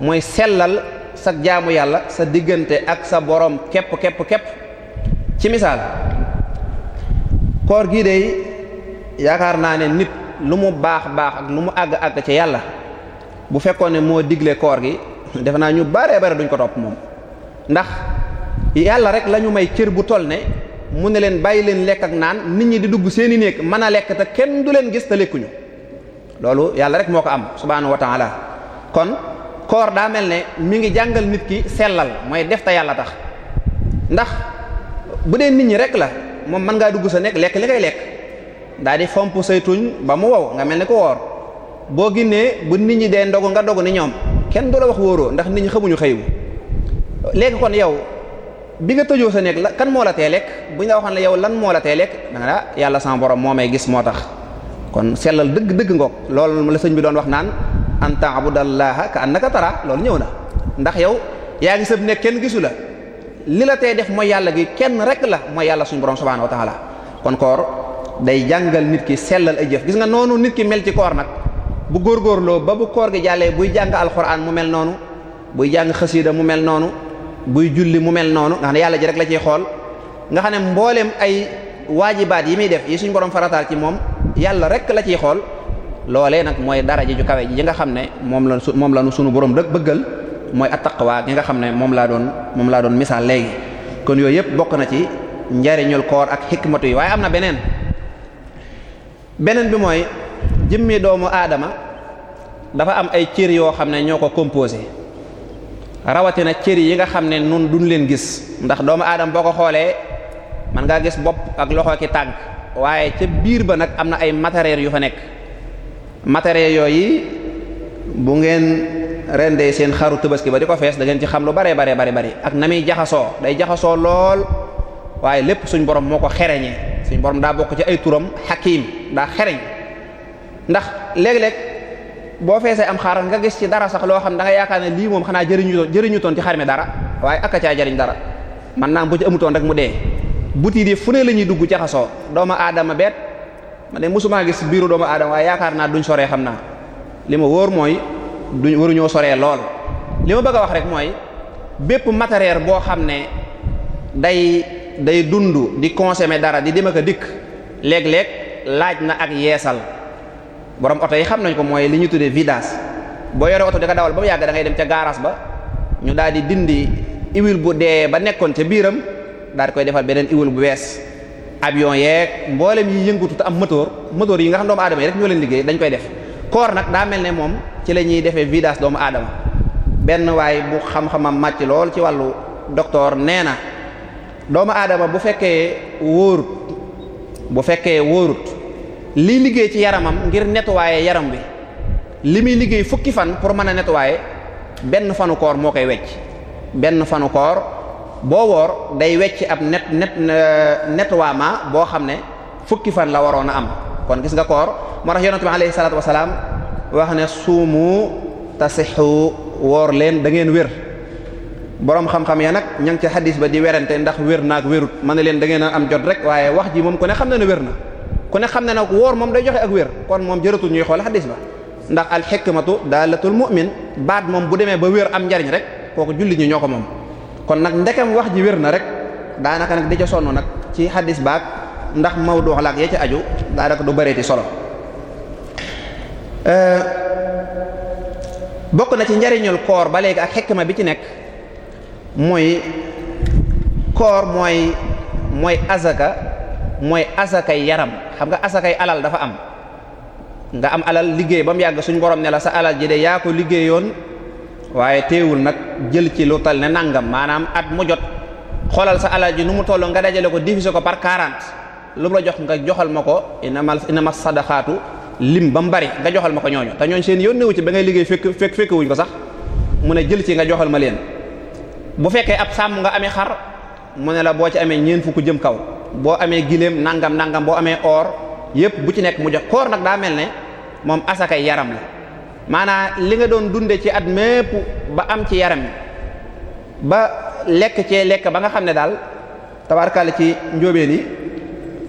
mooy sellal sa jaamu yàlla sa diggante ak sa boroom képp kepp képp ci misaal koor gi dey yaakaar naa ne nit lu mu baax baax ak lu mu àgg àgg ci yàlla bu fekkoon ne moo digle koor gi def naa ñu bare bare duñ ko topp moom ndax yàlla rek lañu may cër bu toll ne mu ne leen bàyyi leen lekk ak naan nit ñi di dugg seeni néeg mën a lekk te kenn du leen gis te lekkuñu loolu yàlla rek moo ko am subhaanahu wa ta'ala kon koor daa mel ne mu ngi jàngal nit ki sellal mooy def te yàlla tax ndax bu dee nit ñi rek la moom mën ngaa dugg sa nekk lekk li ngay lekk daal di fomp saytuñ ba mu wow nga mel ni ko woor boo ginnee bu nit ñi dee ndogu nga dogu ni ñoom kenn du la wax wóoroo ndax nit ñi xamuñu xëy bu léegi kon yow bi nga tëjoo sa néeg la kan moo la tee lekk bu ñu la waxoon la yow lan moo la tee lekk da nga ah, yàlla sama borom moo may gis moo tax kon sellal dëgg dëgg ngoog loolu la sëñ bi doon wax naan an ta'budallaha ka annaka tara loolu ñëw na ndax yow yaa ngi sëb nekk kenn gisu la li la tey def mooy yàlla gi kenn rek la moo yàlla suñu borom subhanahu wa ta'ala kon koor day jàngal nit ki sellal ay jëf gis nga noonu nit ki mel ci koor nag bu góorgóorloo ba bu koor gi jàllee buy jàng buy julli mu mel noonu nga xam ne yàlla ji rek la ciy xool nga xam ne mbooleem ay waajibaat yi muy def yi suñ borom farataal ci moom yàlla rek la ciy xool loolee nag mooy dara ji ju kawe ji nga xam ne moom la su moom la nu sunu borom rek bëggal mooy attaqwa gi nga xam ne moom laa doon moom laa doon misaal léegi kon yooyu yëpp bokk na ci njariñul koor ak xikmatu yi waaye am na beneen beneen bi mooy jëmmi doomu aadama dafa am ay cër yoo xam ne ñoo ko composé rawatina cër yi nga xam ne nun duñ leen gis ndax doomu aadama boo ko xoolee man ngaa gis bopp ak loxo ki tàgg waaye ca biir ba nag am na ay matériel yu fa nekk matériel yooyu bu ngeen rendee seen xaru tabaski ba di ko fees da ngeen ci xam lu bare bare bare bare ak na muy jaxasoo day jaxasoo lool waaye lépp suñ borom moo ko xereñee suñ borom daa bokk ci ay turam xakiim daa xereñ ndax léeg-léeg boo feesee am xar nga gis ci dara sax loo xam da nga yaakaar na lii moom xanaa jëriñu jëriñu toon ci xar mi dara waaye aka caa jëriñ dara man naa bu ci amutoon rek mu dee buti di fu ne la ñuy dugg jaxasoo doomu aadama beet ma ne mosumaa gis biiru doomu aadama waaye yaakaar naa duñ soree xam naa li ma wóor mooy duñ waruñoo soree lool li ma bëgg a wax rek mooy bépp matériel boo xam ne day day dund di consommer dara di dem ak dikk léeg-léeg laaj na ak yeesal borom oto yi xam nañ ko mooy li ñu tuddee vidange boo yore oto di ko dawal ba mu yàgg da dem ca garage ba ñu daal di dindi huile bu dee ba nekkoon ca biiram daal di koy defal beneen huile bu wees avion yeeg mboolem yi yëngatu am moteur motoor yi nga xam doomu aadama yi rek ñoo leen liggéey dañ koy def koor nag daa mel ne moom ci la ñuy defee vidange doomu aadama benn waay bu xam-xamam màcc lool ci wàllu docteur nee na doomu aadama bu fekkee wóorut fekkee wóorut liy liggéey ci yaramam ngir nettoyer yaram wi li muy liggéey fukki fan pour mën a nettoyer benn fanu koor moo koy wecc benn fanu koor boo woor day wecc ab net net nettoiement boo xam ne fukki fan la waroon a am kon gis nga koor moo tax yonent bi alayhi salaatu wasalaam wax ne suumu tasixu woor leen da ngeen wér boroom xam-xam ya nag ña ngi ci xadis ba di werante ndax wér naak wérut mën ne leen da ngeen a am jot rek waaye wax ji moom ko ne xam na ne wér na ku ne xam ne nag woor moom day joxe ak wér kon moom jërëtul ñuy xool xadis ba ndax al xikmatu daalatul mu'min baat moom bu demee ba wér am njariñ rek kooku julli ñi ñoo ko moom kon nag ndekam wax ji wér na rek daanaka nag di ca sonn nag ci xadis baag ndax mawdu laak ya ca aju daanaka du bëreeti solo euh, bokk na ci njariñul koor ba léegi ak xikma bi ci nekk mooy koor mooy mooy azaka mooy azakay yaram xam nga asakay alal dafa am nga am alal liggéey ba mu yàgg suñu borom ne la sa alal ji de yaa ko yoon waaye teewul nag jël ci lu tal ne nangam maanaam at mu jot xoolal sa alal ji nu mu toll nga dajale ko diviser ko par 40 lu mu la jox nga joxal ma ko inama inama sadaxaatu lim ba mu bari nga joxal ma ko ñooñu te ñooñ seen yoon newu ci ba ngay liggéey fekk fekk fekkewuñ ko sax mu ne jël ci nga joxal ma leen bu fekkee ab sàmm nga amee xar mu ne la boo ci amee ñeen fukk jëm kaw boo amee giléem nangam nangam boo amee or yépp bu ci nekk mu jox koor nag daa mel ne moom asakay yaram la maanaam li nga doon dunde ci at mépp ba am ci yaram ba lekk cee lekk ba nga xam ne daal tabarkalla ci njóobeen yi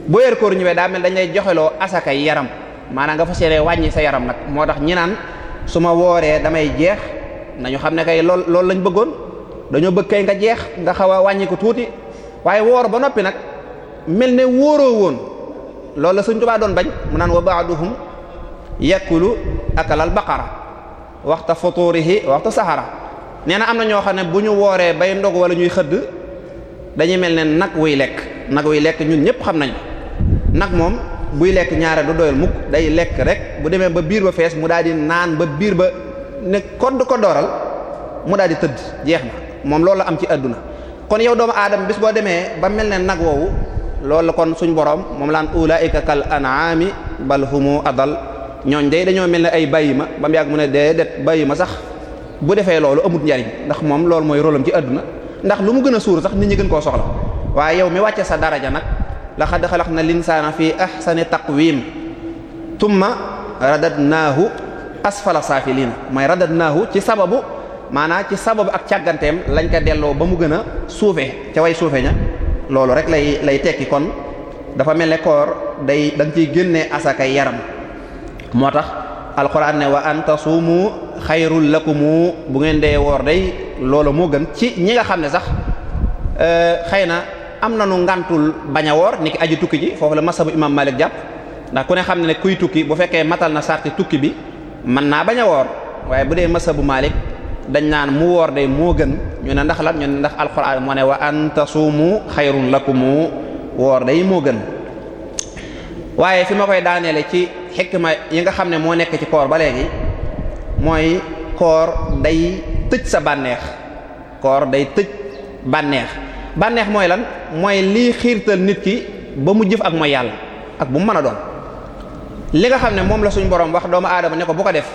bu weer koor ñëwee daa mel dañ lay joxeloo asakay yaram maanaa nga fas yéene wàññi sa yaram nag moo tax ñi naan su ma wooree damay jeex nañu xam ne kay lool loolu lañ bëggoon dañoo bëgg kay nga jeex nga xaw a wàññi ko tuuti waaye woor ba noppi nag mel ne wóoroo woon loolu la suñ tubaa doon bañ mu naan wa ba'duhum yakulu akalal baqara waxta futurihi waxta saxara nee na am na ñoo xam ne bu ñu wooree bay ndog wala ñuy xëdd dañuy mel ne nag wuy lekk nag wuy lekk ñun ñëpp xam nañu nag moom buy lekk ñaare du doyal mukk day lekk rek bu demee ba biir ba fees mu daal di naan ba biir ba ne kodd ko dooral mu daal di tëdd jeex na moom loolu la am ci àdduna kon yow doomu aadama bis boo demee ba mel ne nag woowu loolu la kon suñ boroom moom laan ulaika kal an'ami bal humu adal ñooñ dey dañoo mel ne ay bàyyi ma ba mu mu ne déedéet bàyyi ma sax bu defee loolu amut njariñ ndax moom loolu mooy rôlam ci àdduna ndax lu mu gën a suur sax ni ñi gën koo soxla waaye yow mi wàcce sa daraja nag laqad xalaqna linsaana fi ahsani taqwim tumma radadnaahu asfala saafiliin mooy radadnaahu ci sababu maanaa ci sababu ak càgganteem lañ ko delloo ba mu gën a suufee ca way suufee ña loolu rek lay lay tekki kon dafa mel ne koor day da nga ciy génnee asakay yaram moo tax alxuraan ne wa an tasuumu xayrul lakumu bu ngeen dee woor day loolu moo gën ci ñi nga xam ne sax euh, xëy na am na nu ngantul bañ a woor ni ki aju tukki ji foofu la masabu imam Malik jàpp ndax ku ne xam ne kuy tukki bu fekkee matal na sarti tukki bi mën naa bañ a woor waaye bu dee masabu Malik dañ naan mu woor day moo gën ñu ne ndax lan ñu ne ndax alxuraan moo ne wa an tasuumu xayrun mu woor day moo gën waaye fi ma koy daaneele ci xikma yi nga xam ne moo nekk ci koor ba léegi mooy koor day tëj sa bànneex koor day tëj bànneex bànneex mooy lan mooy lii xiirtal nit ki ba mu jëf ak mooy yàll ak bu mu mën a doon li nga xam ne moom la suñu borom wax doomu aadama ne ko bu ko def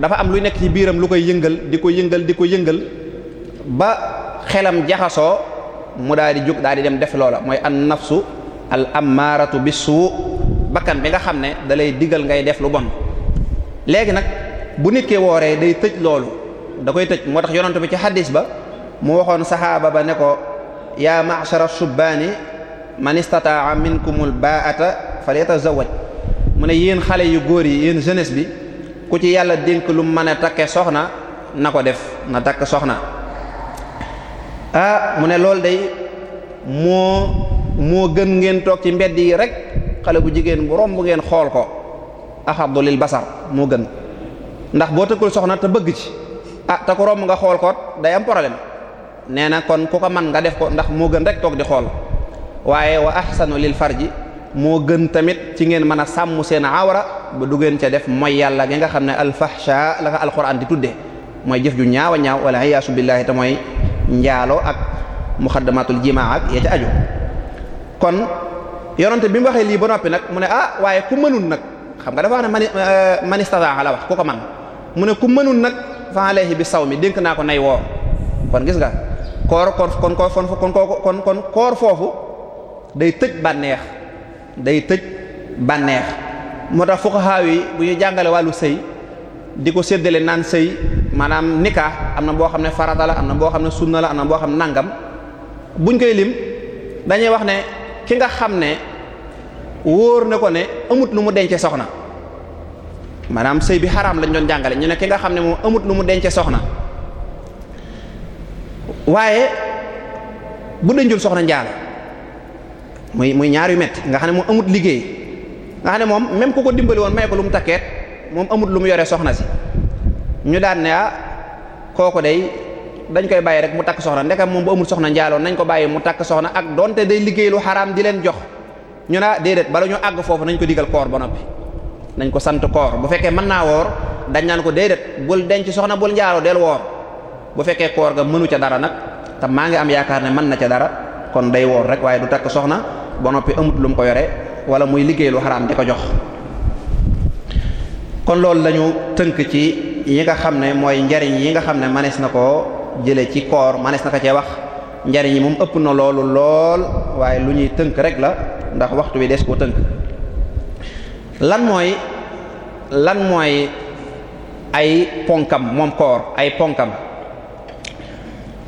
dafa am luy nekk ci biiram lu koy yëngal di ko yëngal di ko yëngal ba xelam jaxasoo mu daal di jóg daal di dem def loola mooy an nafsu al bi bisu bakkan bi nga xam ne dalay digal ngay def lu bon léegi nag bu nit ki wooree day tëj loolu da koy tëj moo tax yonent bi ci xaddis ba mu waxoon saxaaba ba ne ko yaa ma'shara shubbaani man istataa minkumul baa'ata falyatazawwaj mu ne yéen xale yu góor yi yéen genes bi ku ci yàlla dénk lu mën a takke soxna na ko def na takk soxna ah mu ne loolu day moo moo gën ngeen toog ci mbedd yi rek xale bu jigéen bu romb ngeen xool ko axaddu lil basar moo gën ndax boo tëkkul soxna te bëgg ci ah te ko romb nga xool ko day am problème nee na kon ku ko man nga def ko ndax moo gën rek toog di xool waaye wa ahsanu lil farji moo gën tamit ci ngeen mën a sàmm seen a awra ba du ca def mooy yàlla gi nga xam ne alfahsha la ko alquran di tudde mooy jëf ju ñaaw a ñaaw wala iyaasu billahi te mooy njaalo ak muxaddamatul jimaa ak ya ca aju kon yonante bi mu waxee lii ba noppi nag mu ne ah waaye ku mënul nag xam nga dafa wax ne euh, man man la wax ku ko man mu ne ku mënul nag fa alayhi bi saw mi dénk naa ko nay woo kon gis nga koor kon kon kon koor foofu day tëj bànneex day tëj bànneex moo tax fuqaha yi bu ñu jàngale wàllu sëy di ko séddale naan sëy maanaam nikaa am na boo xam ne farata am na boo xam ne sunna la am na boo xam ne nangam buñ koy lim dañuy wax ne ki nga xam ne wóor na ko ne amut lu mu dencee soxna maanaam sëy bi xaraam lañu doon jàngale ñu ne ki nga xam ne moom amut lu mu dencee soxna waaye bu dencul soxna njaalo muy muy ñaar yu métti nga xam ne moom amut liggéey nga xam ne moom même ku ko dimbali woon may ko lu mu takkeet moom amut lu mu yoree soxna si ñu daan ne ah kooku day dañ koy bàyyi rek mu takk soxna ndekam moom bu amul soxna njaaloon nañ ko bàyyi mu takk soxna ak donte day liggéey lu xaraam di leen jox ñu naa ah, déedéet bala ñu àgg foofu nañ ko digal koor ba noppi nañ ko sant koor bu fekkee mën naa woor dañ naan ko déedéet bul ci soxna bul njaaloo del woor bu fekkee koor ga mënu ca dara nag te maa ngi am yaakaar ne mën na ca dara kon day woor rek waaye du takk soxna ba noppi amut lu mu ko yore wala muy liggéey lu xaraam di ko jox kon loolu lañu tënk ci yi nga xam ne mooy njariñ yi nga xam ne manees na koo jële ci koor manees na ko cee wax njariñ yi moom ëpp na loolu lool waaye lu ñuy tënk rek la ndax waxtu wi des koo tënk lan mooy lan mooy ay ponkam moom koor ay ponkam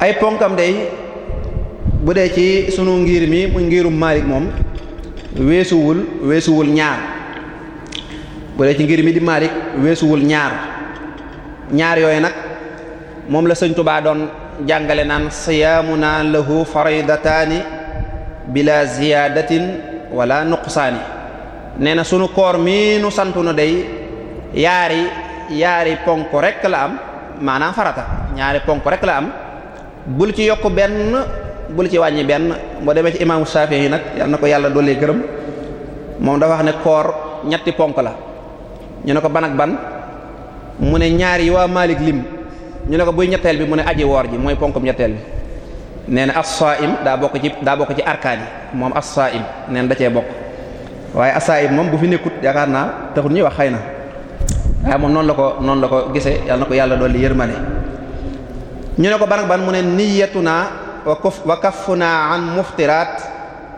ay ponkam day bu dee ci sunu ngir mi muy ngirum Maalik moom weesuwul weesuwul ñaar bu dee ci ngir mi di Maalik weesuwul ñaar ñaar yooyu nag moom la sëñ Tuubaa doon jàngale naan siyaamuna lahu faridataani bila ziyaadatin wala nuqsaani nee na sunu koor mii nu santu na day yaari yaari ponk rek la am maanaa farata ñaari ponk rek la am bul ci yokk benn bul ci wàññi benn boo demee ci imaamu Saafi'i yi nag ko yàlla doolee gërëm moom dafa wax ne koor ñetti ponk la ñu ne ko ban ban mu ne ñaar yi waa Maalik lim ñu ne ko buy ñetteel bi mu ne aji woor ji mooy ponkum ñetteel bi nee na as-saa'im daa bokk ci daa bokk ci arkaan moom as-saa'im nee na da bokk waaye as-saa'im moom bu fi nekkut yaakaar naa taxul ñuy wax xay na waaye moom noonu la ko noonu la ko gisee yal ko yàlla doole yërmande ñu ne ko ban ban mu ne wa kaffuna an muftiraat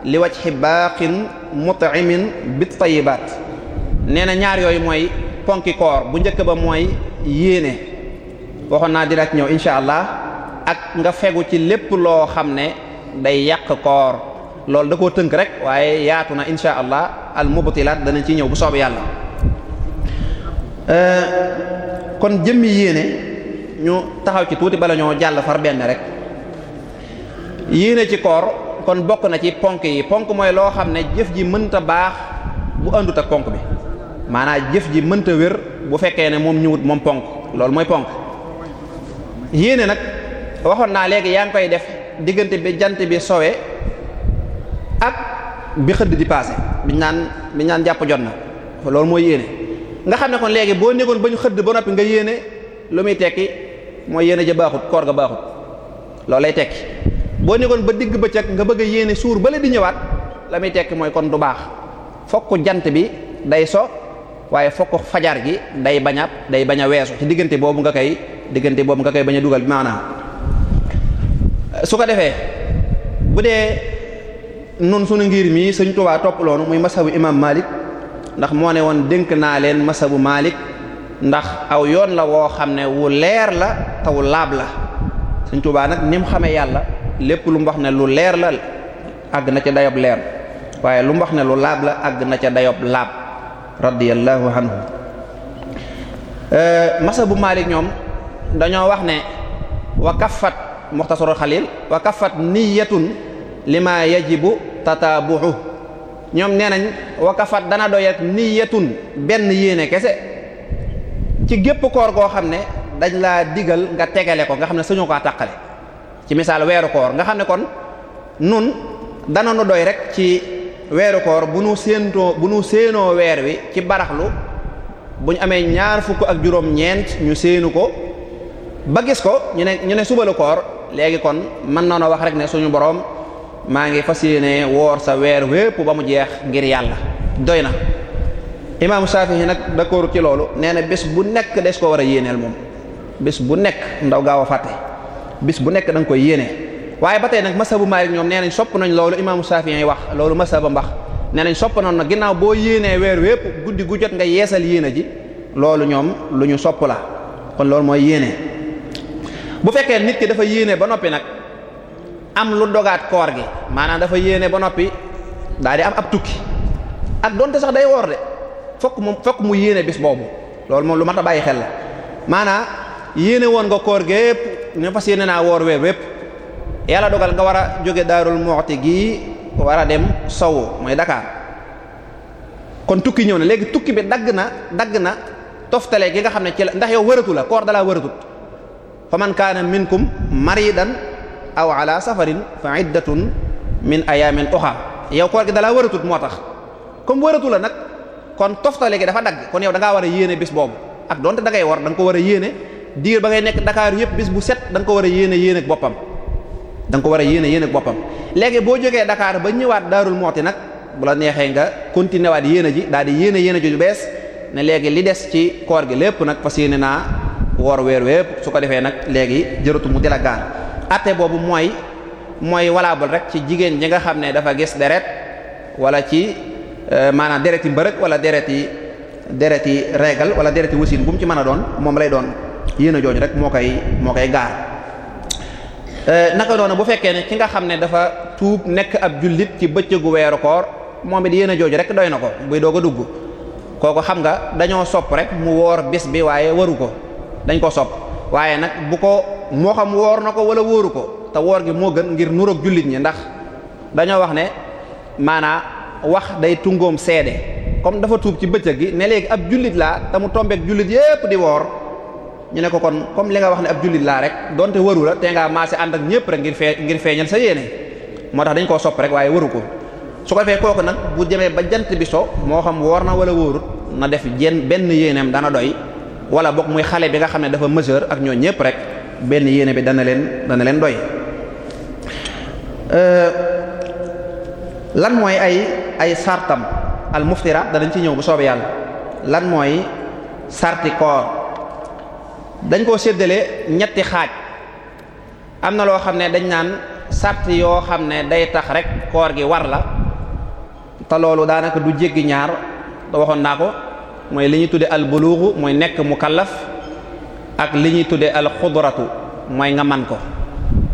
li wajhi baaqin mut'imin bit tayyibaat nee na ñaar yooyu mooy ponki koor bu njëkk ba mooy yéene waxoon naa dina ñëw incha allah ak nga fegu ci lépp loo xam ne day yàq koor loolu da koo tënk rek waaye yaatu na incha allah al mubtilaat danañ ci ñëw bu soob yàlla euh, kon jëmmi yéene ñu taxaw ci tuuti bala ñoo jàll far benn rek yéene ci koor kon bokk na ci ponk yi ponk mooy loo xam ne jëf ji mënta baax bu àndut ak ponk bi maanaa jëf ji mënta wér bu fekkee ne moom ñëwut moom ponk loolu mooy ponk yéene nag waxoon naa léegi yaa ngi koy def diggante bi jant bi sowe ak bi xëdd di passé biñ naan biñ naan jàpp jot na loolu mooy yéene nga xam ne kon léegi boo néegoon ba ñu xëdd ba noppi nga yéene lu muy tekki mooy yéene ja baaxut koor ga baaxut loolu lay tekki boo nekkoon ba digg bëccëg nga bëgg a yéene suur bale di ñëwaat la muy tekki mooy kon du baax fokk jant bi day so waaye fokk fajar gi day bañ a day bañ a weesu ci diggante boobu nga koy diggante boobu nga koy bañ a dugal bi maanaam su ko defee bu dee nun sunu ngir mii Sëriñ Tuubaa topp loonu muy masabu imam Malik ndax moo ne woon dénk naa leen masabu maalik ndax aw yoon la woo xam ne wu leer la te wu laab la Sëriñ Tuubaa nag ni mu xamee yàlla lépp lu mu wax ne lu leer la àgg na ca dayob leer waaye lu mu wax ne lu laab la àgg na ca dayob laab radiyallahu anhu euh, masa bu Maalik ñoom dañoo wax ne wa kaffat muxtasarul xalil wa kaffat niyatun lima yajibu tataabuhu ñoom nee nañ wa kaffat dana doy ak niyatun benn yéene kese ci gépp koor goo xam ne dañ laa digal nga tegale ko nga xam ne suñu ko tàqale ci misaal weeru koor nga xam ne kon nun dana nu doy rek ci weeru koor bu nu séentoo bu nu séenoo weer wi ci baraxlu bu ñu amee ñaar fukk ak juróom ñeent ñu séenu ko ba gis ko ñu ne ñu ne suba koor léegi kon mën na wax rek ne suñu boroom maa ngi fas yéene woor sa weer wépp ba mu jeex ngir yàlla doy na imaamu Saafihi nag d'accord ci loolu nee na bés bu nekk des ko war a yéeneel moom bés bu nekk ndaw gaaw a fàtte bis bu nekk da nga koy yéene waaye ba tey nag masabu Maalik ñoom nee nañ sopp nañ loolu imaamu Saafi'i wax loolu masaba mbax nee nañ sopp noonu nag ginnaaw boo yéenee weer wépp guddi gu jot nga yeesal yéene ji loolu ñoom lu ñu sopp la kon loolu mooy yéene bu fekkee nit ki dafa yéene ba noppi nag am lu dogaat koor gi maanaam dafa yéene ba noppi daal di am ab tukki ak doonte sax day wor de fokk mu fokk mu yéene bis boobu loolu moom lu mat a bàyyi xel la yéene woon nga koor gépp ne fas yéene naa woor weer wépp yàlla dogal nga war a jóge Daarul Muxti gii war a dem sowu mooy Dakar kon tukki ñëw na léegi tukki bi dagg na dagg na toftale gi nga xam ne ci la ndax yow wëratu la koor dalaa wëratut fa man kaana minkum maridan aw ala safarin fa iddatun min ayamin uxar yow koor gi dalaa wëratut moo tax comme wëratu la nag kon toftale gi dafa dagg kon yow da ngaa war a yéene bis boobu ak donte da ngay war da ko war a yéene diir ba ngay nekk Dakar yëpp bis bu set da ko war a yéene yéene ak boppam danga ko war a yéene yéene boppam léegi boo jógee Dakar ba ñëwaat Daarul ti nag bu la neexee nga continuer waat yéene ji daal di yéene yéene ju bees ne léegi li des ci koor gi lépp nag fas yéene naa woor weer wépp su ko defee nag léegi jërëtu mu di gaar atte boobu mooy mooy valable rek ci jigéen ji nga xam ne dafa gis deret wala ci euh, maanaan deret yi mbërëg wala deret yi deret yi régal wala deret yi bu mu ci mën a doon moom lay doon yéen jooju rek moo koy moo koy gaar eh, naka doona bu fekkee ne ki nga xam ne dafa tuub nekk ab jullit ci bëccëgu weeru koor moom it yéen a jooju rek doy na ko buy doog a dugg kooku xam nga dañoo sopp rek mu woor bis bi waaye waru ko dañ ko sopp waaye nag bu ko moo xam woor na ko wala wóoru ko te woor gi moo gën ngir nuroog jullit ñi ndax dañoo wax ne maanaa wax day tungoom seede comme dafa tuub ci bëccëg gi ne léegi ab jullit laa te mu tombeek jullit yépp di woor ñu ne ko kon comme li nga wax ne ab jullit laa rek donte waru la te ngaa maase ànd ak ñëpp rek ngir fee ngir feeñal sa yéene moo tax dañ koo sopp rek waaye waru ko su ko defee kooku nag bu jëmee ba jant bi so moo xam woor na wala wóorut na def jenn benn yéeneem dana doy wala boog muy xale bi nga xam ne dafa majeur ak ñoo ñëpp rek benn yéene bi dana leen dana leen doy lan mooy ay ay sartam al danañ ci ñëw bu soobee yàlla lan mooy sarti koor dañ koo séddale ñetti xaaj am na loo xam ne dañ naan sart yoo xam ne day tax rek koor gi war la te loolu daanaka du jéggi ñaar te waxoon naa ko mooy li ñuy tudde al buluuxu mooy nekk mu kallaf ak li ñuy tudde al xudratu mooy nga man ko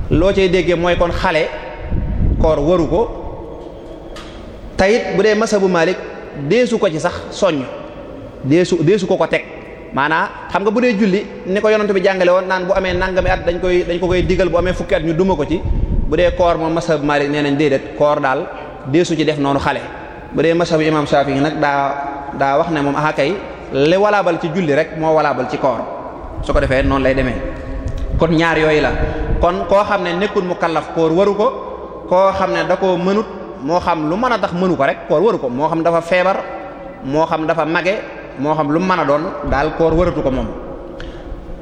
loo cay déggee mooy kon xale koor waru ko tayit bu dee masabu Malik deesu ko ci sax soññ deesu deesu ko ko teg maanaa xam nga bu dee julli ni ko yonent bi jàngale woon naan bu amee nangami at dañ koy dañ ko koy digal bu amee fukki at ñu duma ko ci bu dee koor moom masab Maalik nee nañ déedéet koor daal deesu ci def noonu xale bu dee masab imam Shafi'i nag daa daa wax ne moom aha kay li walaabal ci julli rek moo walaabal ci koor su ko defee noonu lay demee kon ñaar yooyu la kon koo xam ne nekkul mu kallaf koor waru ko koo xam ne da ko mënut moo xam lu mën a tax mënu ko rek koor waru ko moo xam dafa feebar moo xam dafa mage moo xam lu mu mën a doon daal koor waratu ko moom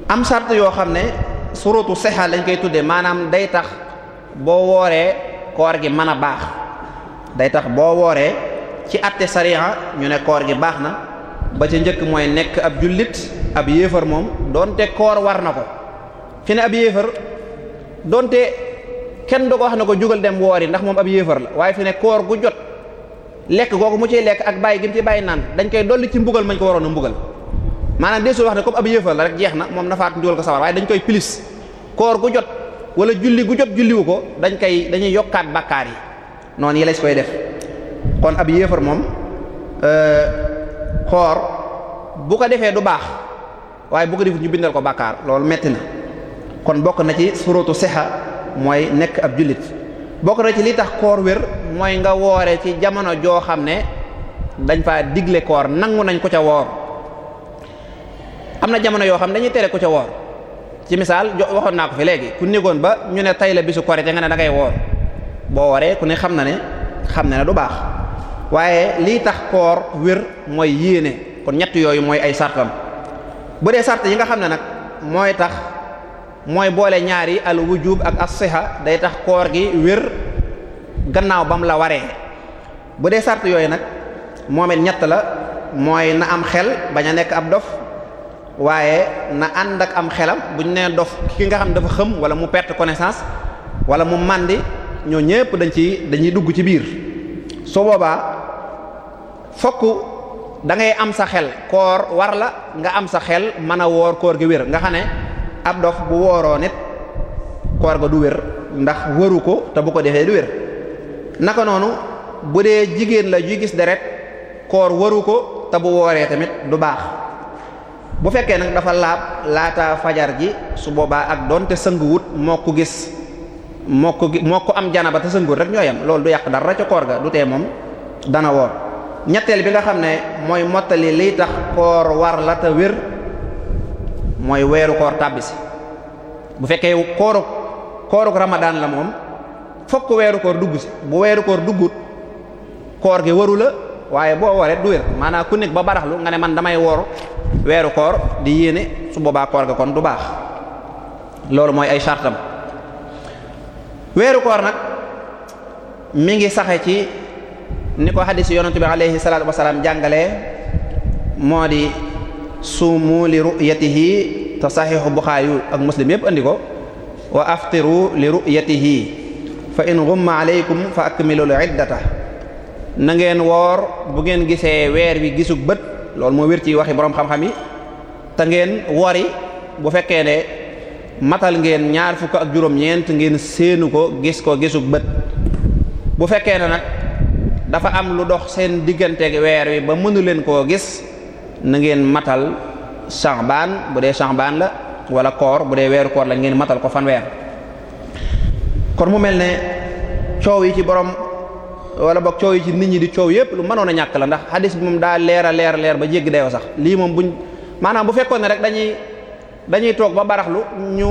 am sart yoo xam ne surutu sexa lañ koy tuddee maanaam day tax boo wooree koor gi mën a baax day tax boo wooree ci atte sariya ñu ne koor gi baax na ba ca njëkk mooy nekk ab jullit ab yéefar moom donte koor war na ko fi ne ab yéefar donte kenn du ko wax na ko jugal dem woor yi ndax moom ab yéefar la waaye fi ne koor gu jot lekk googu mu ciy lekk ak bàyyi gi ci bàyyi naan dañ koy dolli ci mbugal mañ ko waroon a mbugal maanaam deesul wax ne comme ab yéefal la rek jeex na moom na faat njugal ko sawar waaye dañ koy pilis koor gu jot wala julli gu jot julliwu ko dañ koy dañuy yokkaat bakkaar yi noonu yi lañ koy def kon ab yéefar moom xoor euh, bu ko defee du baax waaye bu ko defut ñu bindal ko bàkkaar loolu metti na kon bokk na ci suratu sexa mooy nekk ab jullit bokk na ci li tax koor wér mooy nga woore ci jamono joo xam ne dañ fa digle koor nangu nañ ko ca woor am na jamono yoo xam ne dañuy tere ko ca woor ci misaal waxoon naa ko fi léegi ku négoon ba ñu ne tay la bisu korite nga ne da ngay woor boo waree ku ne xam na ne xam ne na ne du baax waaye lii tax koor wér mooy yéene kon ñetti yooyu mooy ay sartam bu dee sart yi nga xam ne nag mooy tax mooy boole ñaari yi al wujub ak as day tax koor gi wér gannaaw bam la waree bu dee sart yooyu nag moom it ñett la mooy na am xel bañ a nekk ab dof waaye na ànd ak am xelam bu ñu nee dof ki nga xam dafa xëm wala mu perte connaissance wala mu màndi ñoo ñépp dañ ci dañuy dugg ci biir su boobaa fokk da ngay am sa xel koor war la nga am sa xel mën a woor koor gi wér nga xam ne ab dof bu wooroo nit koor ga du wér ndax waru ko te bu ko defee du wér naka noonu bu dee jigéen la juy gis deret koor waru ko te bu wooree tamit du baax bu fekkee nag dafa laab laata fajar ji su boobaa ak doonte sënguwut moo ko gis moo ko moo ko am janaba te sënguwut rek ñoo yam loolu du yàq dara ca koor ga du tee moom dana woor ñetteel bi nga xam ne mooy mottali liy tax koor war la te wér mooy weeru koor tàbbisi bu fekkee kooru kooruk ramadaan la moom fokk weeru koor dugg si bu weeru koor duggut koor gi waru la waaye boo waree du wér maanaam ku nekk ba baraxlu nga ne man damay woor weeru koor di yéene su boobaa koor ga kon du baax loolu mooy ay sartam weeru koor nag mi ngi saxe ci ni ko xadis yonent bi alayhi salaatu wasalaam jàngale moo di suumu li ru'yatihi te saxiixu buxaari ak muslim yépp andi ko wa aftiru li ru'yatihi fa in ghumma aleykum fa akmilul iddata na ngeen woor bu ngeen gisee weer wi gisug bët loolu moo wér ci waxi boroom xam-xam yi te ngeen wori bu fekkee ne matal ngeen ñaar fukk ak juróom-ñeent ngeen séenu ko gis ko gisug bët bu fekkee ne nag dafa am lu dox seen diggante weer wi ba mënu leen koo gis na ngeen matal saxbaan bu dee saxbaan la wala koor bu dee weeru koor la ngeen matal ko fanweer kon mu mel ne coow yi ci borom wala boog coow yi ci nit ñi di coow yépp lu mënoon a ñàkk la ndax hadis bi moom daa leera a leer leer ba jéggi dayoo sax lii moom buñ maanaam bu fekkoon ne rek dañuy dañuy toog ba baraxlu ñu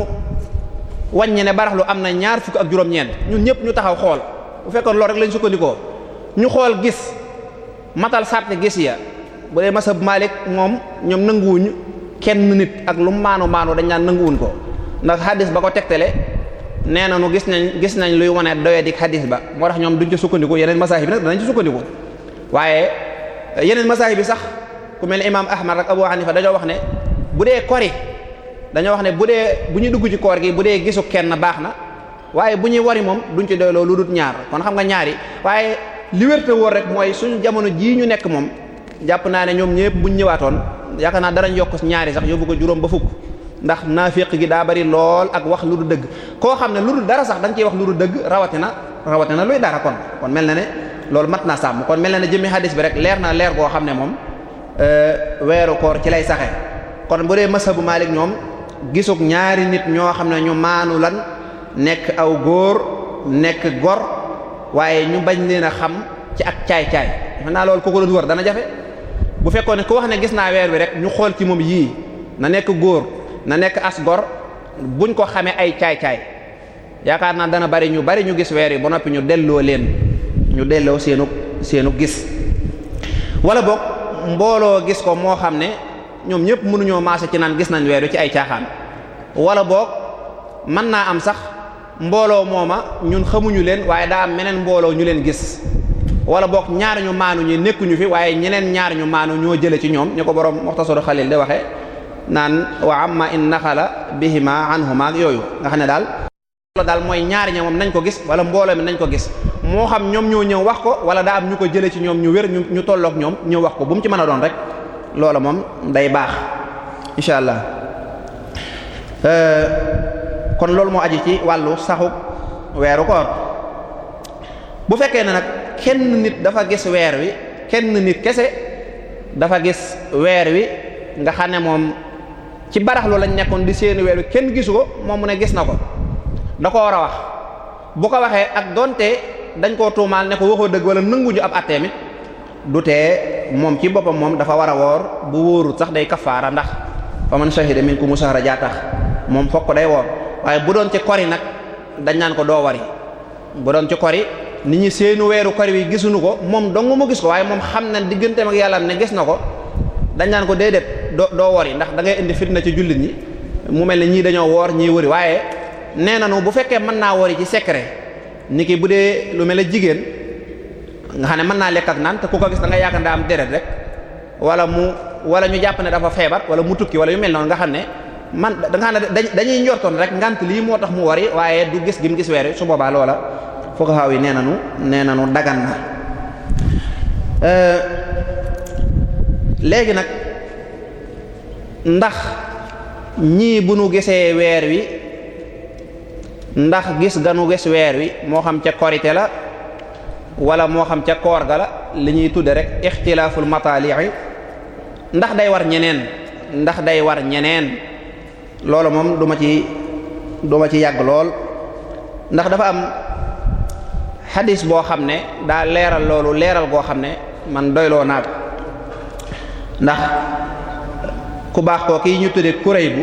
wàññi ne baraxlu am na ñaar fukk ak juróom-ñeent ñun ñëpp ñu taxaw xool bu fekkoon loolu rek lañ sukkandikoo ñu xool gis matal sàrt gis ya bu dee masab Malik moom ñoom nanguwuñ kenn nit ak lu maanu maanu dañ naan nanguwuñ ko ndax xadis ba ko tegtale nee na nu gis nañ gis nañ luy wane doyadik xadis ba moo tax ñoom duñ ci sukkandiku yeneen masaahib bi nag waaye yeneen masaahib bi sax ku mel ne imaam Ahmad ak Abu Hanifa dañoo wax ne bu dee kori dañoo wax ne bu dee bu ñu dugg ci koor gi bu dee gisu kenn baax na waaye bu ñuy wari moom duñ ci doyloo lu dut ñaar kon xam nga ñaari waaye li wérte wóor rek mooy suñu jamono jii ñu nekk moom jàpp naa ne ñoom ñëpp buñ ñëwaatoon yaakaar naa darañ yokk ñaari sax yóbbu ko juróom ba fukk ndax naafiq gi daa bari lool ak wax lu du dëgg koo xam ne lu dul dara sax da nga wax lu du dëgg rawatina rawatina luy dara kon kon mel na ne loolu mat naa sàmm kon mel na ne jëmmi xadis bi rek leer na leer goo xam ne moom euh, weeru koor ci lay saxe kon bu dee bu Maalik ñoom gisug ñaari nit ñoo xam ne ñu maanu lan nekk aw góor nekk gor waaye ñu bañ leen a xam ci ak caay-caay naa loolu ku dana jafe bu fekkoon ne ku wax ne gis naa weer wi rek ñu xool ci moom yii na nekk góor na nekk as gor buñ ko xamee ay caay-caay yaakaar naa dana bari ñu bari ñu gis weer yi ba noppi ñu delloo leen ñu delloo seenu seenu gis wala boog mbooloo gis ko moo xam ne ñoom ñëpp mënuñoo maase ci naan gis nañ weer wi ci ay caaxaan wala boog mën naa am sax mbooloo mooma ñun xamuñu leen waaye daa am meneen mbooloo ñu leen gis wala boog ñaar ñu maanu ñi nekkuñu fi waaye ñeneen ñaari ñu maanu ñoo jële ci ñoom ñu ko borom Muxtasaru Xaliil de waxee naan waa wa amma in naxala bihima anhuma yooyu nga xam ne daal loolu daal mooy ñaari ña nañ ko gis wala mbooloo nañ ko gis moo xam ñoom ñoo ñëw wax ko wala daa am ñu ko jële ci ñoom ñu wér ñu ñu tollook ñoom ñëw wax ko bu mu ci mën a doon rek loola moom day baax incha allah euh, kon loolu moo aji ci wàllu saxu weeru koor bu fekkee kenn nit dafa gis weer wi kenn nit kese dafa gis weer wi nga xam ne moom ci baraxlu lañ nekkoon di seeni weer wi kenn gisu ko moom mu ne gis na ko da ko war a wax bu ko waxee ak donte dañ koo tuumaal ne ko waxoo dëgg wala nanguñu ab attee mi du tee moom ci boppam moom dafa war a woor bu wóorut sax day kafaara ndax faman shahida minkum shahra jaa tax moom fokk day woor waaye bu doon ci kori nag dañ naan ko doo wari bu doon ci kori nit ñi seenu weeru kor wi gisuñu ko moom dong mu gis ko waaye moom xam na diggante ak yàlla ne gis na ko dañ naan ko déedéet doo doo yi ndax da ngay indi fitna ci jullit ñi mu mel ne ñii dañoo woor ñii wëri waaye nee na nu bu fekkee mën naa wori ci secret ni ki bu dee lu mel ne jigéen nga xam ne mën naa lekk ak ku ko gis da nga yaakaar daa am déret rek wala mu wala ñu jàpp ne dafa feebar wala mu tukki wala yu mel noonu nga xam ne man da nga xam ne dañuy njortoon rek ngant lii moo tax mu yi waaye du gis gi mu gis weer su boobaa loola fuqaha yi nee nañu nee nañu dagan na euh, léegi nag ndax ñii bu nu gisee weer wi ndax gis ganu gis weer wi moo xam ca korite la wala moo xam ca koor ga la li ñuy tudde rek ixtilaaful mataalii ndax day war ñeneen ndax day war ñeneen loolu moom duma ci duma ci yàgg lool ndax dafa am xadis boo xam ne daa leeral loolu leeral goo xam ne man doyloo naa ndax ku baax ko kii ñu tudde kuréy bu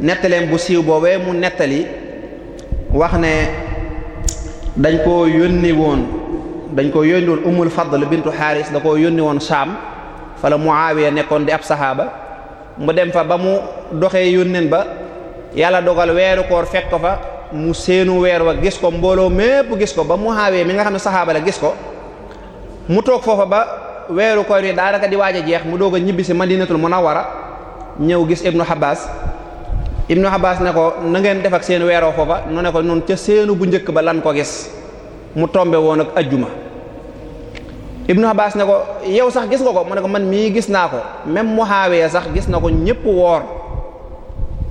nettaleem bu siiw boobee mu nettali wax ne dañ ko yónni dañ ko yónni woon umul fadl bintu xaaris da koo yónni woon saam fa la muawiya nekkoon di ab saxaaba mu dem fa ba mu doxee yónneen ba yàlla dogal weeru koor fekk ko fa mu seenu weer wa gis ko mbooloo mépp gis ko ba mu xaawee mi nga xam ne saxaaba la gis ko mu toog foofa ba weeru koy ri daanaka di waaj a jeex mu doog a ñibbi si madinatul munawwara ñëw gis ibnu Abbas ibnu Abbas ne ko na ngeen def ak seen weeroo foofa nu ne ko noonu ca seenu bu njëkk ba lan ko gis mu tombe woon ak ajjuma ibnu Abbas ne ko yow sax gis ko ko mu ne ko man mii gis naa ko même mu xaawee sax gis na ko ñépp woor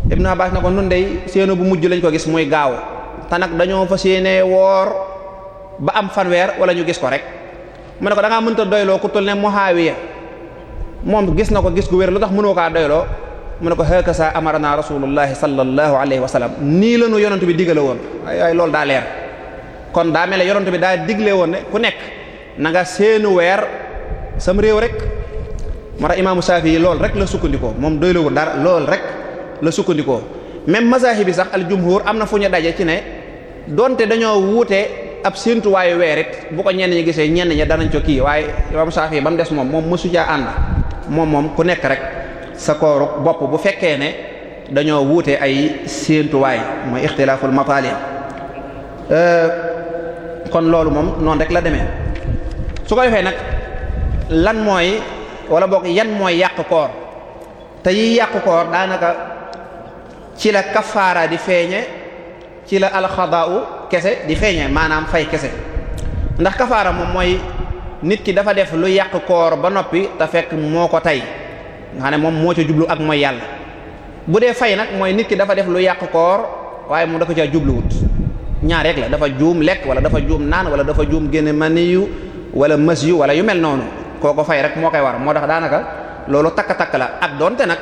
Ibnu Abbas na ko nun dey séenu bu mujj lañ ko gis muy gaaw te dañoo fas yéene woor ba am fanweer wala ñu gis ko rek mu ne ko da ngaa mënta doyloo ku tul ne Muhaawiya moom gis na ko gis gu weer lu tax mënoo kaa doyloo mu ne ko hakasa amarna rasulullahi sallallahu alayhi wa sallam nii la ñu yonent bi digale woon ay ay loolu daa leer kon daa mel ne yonent bi daa digle woon ne ku nekk na nga séenu weer sam réew rek moo tax imaamu Saafi yi loolu rek la sukkandikoo moom doyloo dara loolu rek. la sukkandikoo même mazahib bi sax aljumhur am na fu ñu daje ci ne donte dañoo wuute ab séntuwaayu weer it bu ko ñenn ñi gisee ñenn ñi danañ ko kii waaye imam Saafi ba mu des moom moom mësu caa ànd moom moom ku nekk rek sa kooru bopp bu fekkee ne dañoo wuute ay séntuwaay mooy ixtilaaful matali euh, kon loolu moom noonu rek la demee su ko defee nag lan mooy wala boog yan mooy yàq koor te yi yàq koor daanaka. ci la kafaara di feeñe ci la alxadaau kese di feeñe maanaam fay kese ndax kafaara moom mooy nit ki dafa def lu yàq koor ba noppi te fekk moo ko tey nga xam ne moom moo ca jublu ak mooy yàlla bu dee fay nag mooy nit ki dafa def lu yàq koor waaye moom da ko caa jubluwut ñaar rek la dafa juum lekk wala dafa juum naan wala dafa juum génne maniyu wala mës yu wala yu mel noonu kooko fay rek moo koy war moo tax daanaka loolu takk-takk la ak donte nag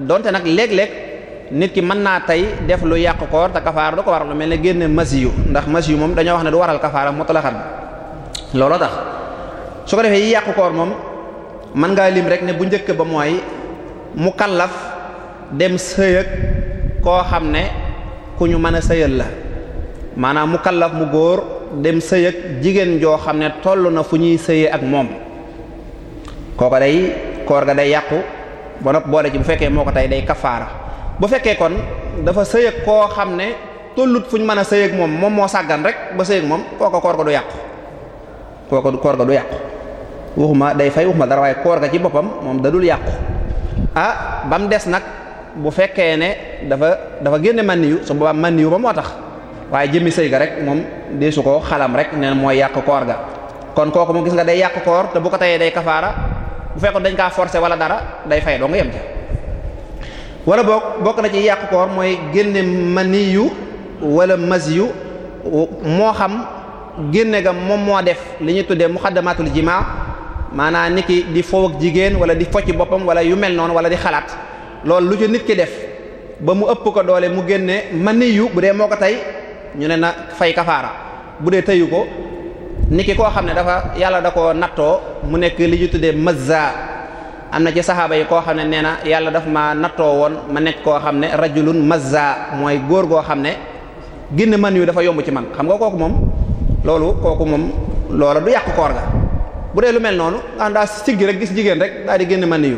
donte nag léeg-léeg nit ki mën naa tey def lu yàq koor te kafaara du ko waral lu mel ni génne masiyu ndax masiyu moom dañoo wax ne du waral kafaara mutlaqan looloo tax su ko defee yi yàq koor moom mën ngaa lim rek ne bu njëkk ba mooy mu kallaf dem sëyëg koo xam ne ku ñu mën a sëyal la maanaam mu kallaf mu góor dem sëyëg jigéen joo xam ne toll na fu ñuy sëye ak moom kooko day koor ga day yàqu ba noppi boole ci bu fekkee moo ko tey day kafaara bu fekkee kon dafa sëyëg koo xam ne tollut fu ñu mën a sëyëg moom moom moo sàggan rek ba sëyëg moom kooka koor ga du yàqu kooka koor ga du yàqu waxuma day fay waxuma dara waaye koor ga ci boppam moom da dul yàqu ah ba mu des nag bu fekkee ne dafa dafa génne mànniyu su boobaa mànniyu ba moo tax waaye jëmmi sëy ga rek moom dee su ko xalam rek neen mooy yàq koor ga kon kooku moom gis nga day yàq koor te bu ko teyee day kafaara bu fekkoon dañ kaa forcer wala dara day fay doo yem ca wala bokk bokk na ci yàq koor mooy génne maniyu wala masiyu moo xam génne ga moom moo def li ñuy tuddee muxaddamatul jimaa maanaam nit ki di fow jigéen wala di focc boppam wala yu mel noonu wala di xalaat loolu lu ci nit ki def ba mu ëpp ko doole mu génne maniyu bu dee moo ko tey ñu ne na fay kafaara bu dee teyu ko nit ki koo xam ne dafa yàlla da ko nattoo mu nekk li ñu tuddee mazza am na ci saxaaba yi koo xam ne nee na yàlla dafa ma nattoo woon ma nekk koo xam ne rajulun mazza mooy góor goo xam ne génn man yu dafa yomb ci man xam nga kooku moom loolu kooku moom loola du yàq koor ga bu dee lu mel noonu nga ah daa siggi rek gis jigéen rek daal di génn man yu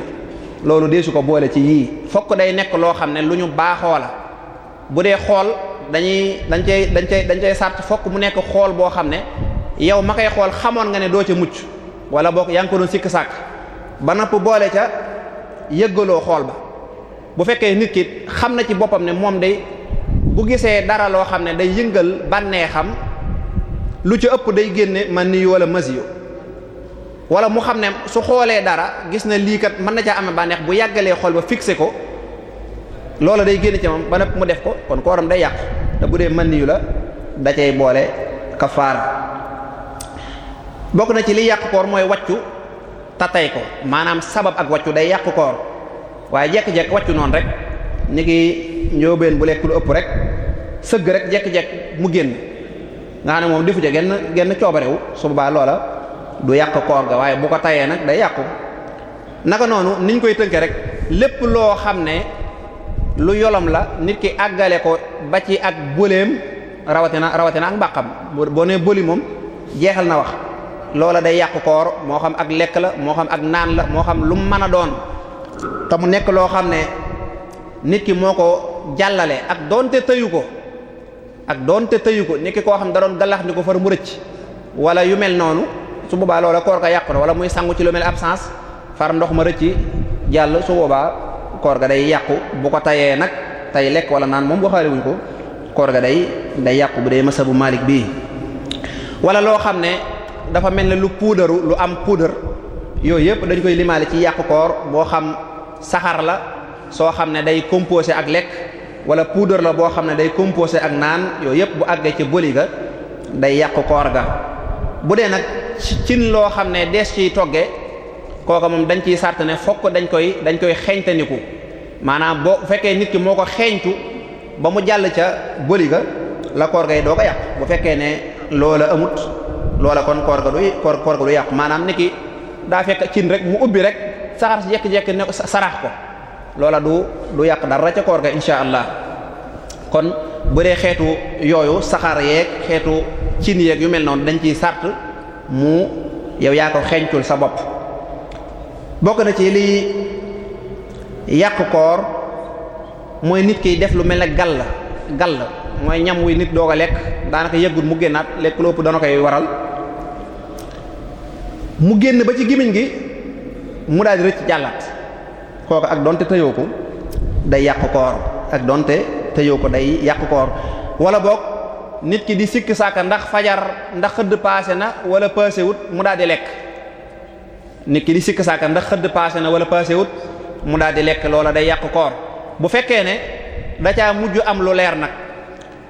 loolu deesu ko boole ci yii fokk day nekk loo xam ne lu ñu baaxoo la bu dee xool dañuy dañ cey dañ cey dañ cey sart fokk mu nekk xool boo xam ne yow ma koy xool xamoon nga ne doo ca mucc wala boog yaa ngi ko ba napp boole ca yëggaloo xool ba bu fekkee nit ki xam na ci boppam ne moom day bu gisee dara loo xam ne day yëngal bànneexam lu ci ëpp day génne man niyu wala masiyu wala mu xam ne su xoolee dara gis na liikat mën na caa amee bànneex bu yàggalee xool ba fixé ko loola day génn ci moom ba nag mu def ko kon kooram day yàq te bu dee man niyu la da cay boole kafaara bokk na ci li yàq koor mooy wàccu tatay ko maanaam sabab ak wàccu day yàqu koor waaye jekk-jekk wàccu noonu rek ni ki njóobeen bu lekk lu ëpp rek sëgg rek jekk-jekk mu génn nga xam ne moom defu ja genn genn coobarewu su boobaa loola du yàq koor ga waaye bu ko tayee nag day yàqu naka noonu niñ koy tënke rek lépp loo xam ne lu yolom la nit ki àggale ko ba ci ak bëleem rawatina rawatina ak mbàqam boo nee bëli moom jeexal na wax loola day yàq koor moo xam ak lekk la moo xam ak naan la moo xam lu mu mën a doon te mu nekk loo xam ne nit ki moo ko jàllale ak doonte tëyu ko ak doonte tëyu ko nit ki koo xam da doon galax ni ko far mu rëcc wala yu mel noonu su boobaa loola koor ga yàqu na wala muy sangu ci lu mel absence far ndox ma rëcc jàll su boobaa koor ga day yàqu bu ko tayee nag tay lekk wala naan moom waxaale wuñ ko koor ga day day yàqu bu dee masa bu Malik bii wala dafa mel ne lu puudaru lu am puudar yooyu yëpp dañ koy limaale ci yàqu koor boo xam saxaar la soo xam ne day composé ak lekk wala puudar la boo xam ne day composé ak naan yooyu yëpp bu àggee ci bëli ga day yàqu koor ga bu dee nag cin loo xam ne dees ciy togge kooka moom dañ ciy sart ne fokk dañ koy dañ koy xeeñtaniku maanaam boo fekkee nit ki moo ko xeeñtu ba mu jàll ca bëli la koor gay doo ko yàq bu fekkee ne loola amut loola kon koor ga du koor koor ga du yàqu maanaam ni ki daa fekk cin rek mu ubbi rek saxar si jekki-jekki ne saraax ko loola du du yàq dara ca koor ga insha allah kon bu xeetu yooyu saxaar yeeg xeetu cin yeeg yu mel noonu dañ ciy sart mu yow yaa ko xeeñcul sa bopp bokk na ci liy yàq koor mooy nit kiy def lu mel ne gàll gàll mooy ñam wi nit doog ko lekk daanaka yëggut mu génnaat lekk lu ëpp dana waral mu génn ba ci gémmiñ gi mu daal di rëcc jàllaat kooku ak donte tëyoo ko day yàq koor ak donte tëyoo ko day yàq koor wala boog nit ki di sikk sàkk ndax fajar ndax xëdd paase na wala paase wut mu daal di lekk nit ki di sikk sàkka ndax xëdd na wala paase wut mu daal di lekk loola day yàq koor bu fekkee ne da caa mujj am lu leer nag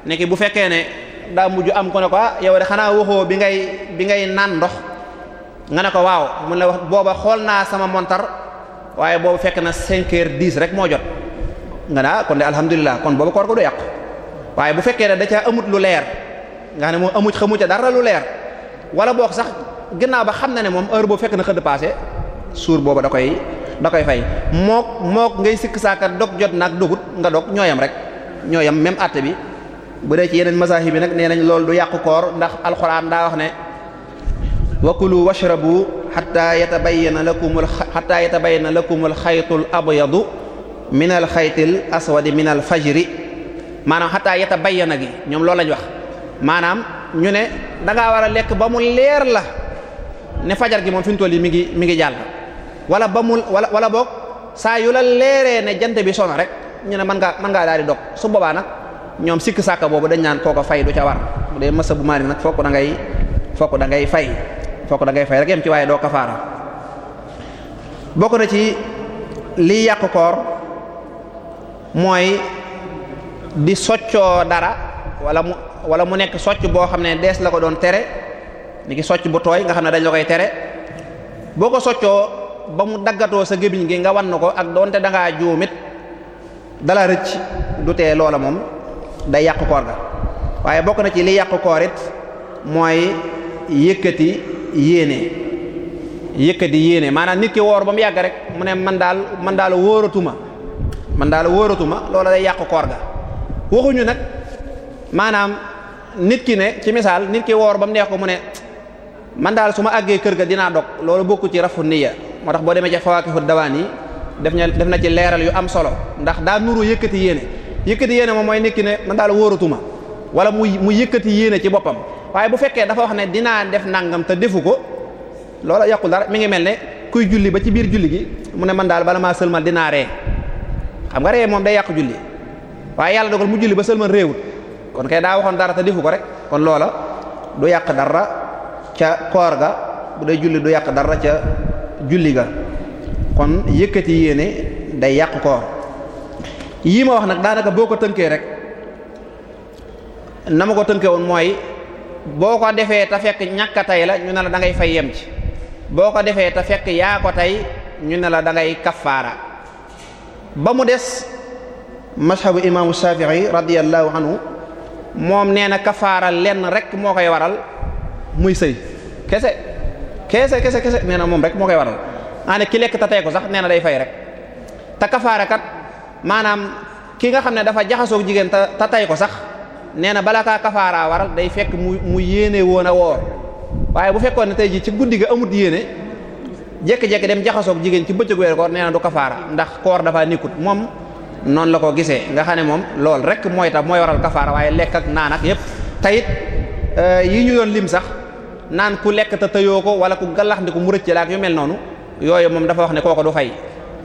nekki bu fekkee ne daa mujj am ko ne ko ah yow de xanaa waxoo bi ngay bi ngay naan ndox. nga ne ko waaw mun la wax booba xool naa sama montar waaye boobu fekk na cinq heures dix rek moo jot nga naa ah, kon de alhamdulilah kon booba koor ko du yàqu waaye bu fekkee ne da caa amut lu leer nga ne moom amuj xamu ca dara lu leer wala boog sax ginnaaw ba xam na ne moom heure boobu fekk na xëdd passé suur booba da koy da koy fay mook mook ngay sikk saaka dog jot nag dogut nga dog yam rek ñoo yam même àtte bi bu dee ci yeneen masaahib bi nag nee nañ lool du yàqu koor ndax alxuraan daa wax ne wakulu washrabu xataa yatabayyana lakum xataa yatabayyana lakum alxaytul abyadu min alxaytil aswadi min alfajri maanaam xataa yatabayyana gi ñoom loolu lañ wax maanaam ñu ne dangaa war a lekk ba mu leer la ne fajar gi moom fi mu toll yi mi ngi mi ngi jàll wala ba mu wala wala boog saa yu la leeree ne jant bi sono rek ñu ne mën ngaa mën ngaa daal di dog su boobaa nag ñoom sikk saaka boobu dañ naan ko fay du ca war bu dee masa bu maani nag fokk da ngay fokk da ngay fay fokk da ngay fay rek yem ci waaye doo kafaara bokk na ci liy yàq koor mooy di soccoo dara walla mu wala mu nekk socc boo xam ne dees la ko doon tere ni ki socc bu tooy nga xam ne dañ la koy tere boo ko soccoo ba mu daggatoo sa gébiñ gi nga wan na ko ak doonte da ngaa juumit dala rëcc du tee loola moom day yàq koor ga waaye bokk na ci li yàq koor it mooy yëkkati yéene yëkkati yéene maanaam nit ki woor ba mu yàgg rek mu ne man daal man daal ma man daal wóoratuma loola day yàqu koor ga waxuñu nag maanaam nit ki ne ci misaal nit ki woor ba mu neex ko mu ne man daal su ma àggee kër ga dinaa dog loolu bokku ci rafu niyya moo tax boo demee ci fawaakihu dawaan yi def na def na ci leeral yu am solo ndax daa nuru yëkkati yéene yëkkati yéene moom mooy nit ki ne man daal wóoratuma wala mu mu yëkkati yéene ci boppam waaye bu fekkee dafa wax ne dinaa def nangam te defu ko loola yàqul dara mi ngi mel ne kuy julli ba ci biir julli gi mu ne man daal bala maa sëlmal dinaa ree xam nga ree moom day yàq julli waaye yàlla dogal mu julli ba sëlmal réewut kon kay daa waxoon dara te defu ko rek kon loola du yàq dara ca koor ga bu dee julli du yàq dara ca julli ga kon yëkkati yéene day yàq koor yii ma wax nag daanaka boo ko tënkee rek na ma ko tënkee woon mooy boo ko defee te fekk ñàkk a la ñu ne la da ngay fay yem ci boo ko defee te fekk yaa ko tey ñu ne la dangay ngay ba mu des mashabu imaamu Shaafi'i radiyallahu anhu moom nee na kaffaara lenn rek moo koy waral muy sëy kese kese kese kese nee na moom rek moo koy waral maa ne ki lekk te tey ko sax nee na day fay rek te kafaara kat maanaam ki nga xam ne dafa jaxasoo jigéen te te ko sax nee na bala kaa kafaaraa waral day fekk mu mu yéene woon a woor waaye bu fekkoon ne tey jii ci guddi ga amut yéene jékki-jékki dem jaxasoog jigéen ci bëccëg weer ko nee na du kafaara ndax koor dafa nikkut moom noonu la ko gisee nga xam ne moom loolu rek mooy tax mooy waral kafaara waaye lekk ak naan ak yépp tayit euh, yi ñu doon lim sax naan ku lekk te tëyoo ko wala ku galax ndi mu rëcc la ak yu mel noonu yooyu moom dafa wax ne kooko du fay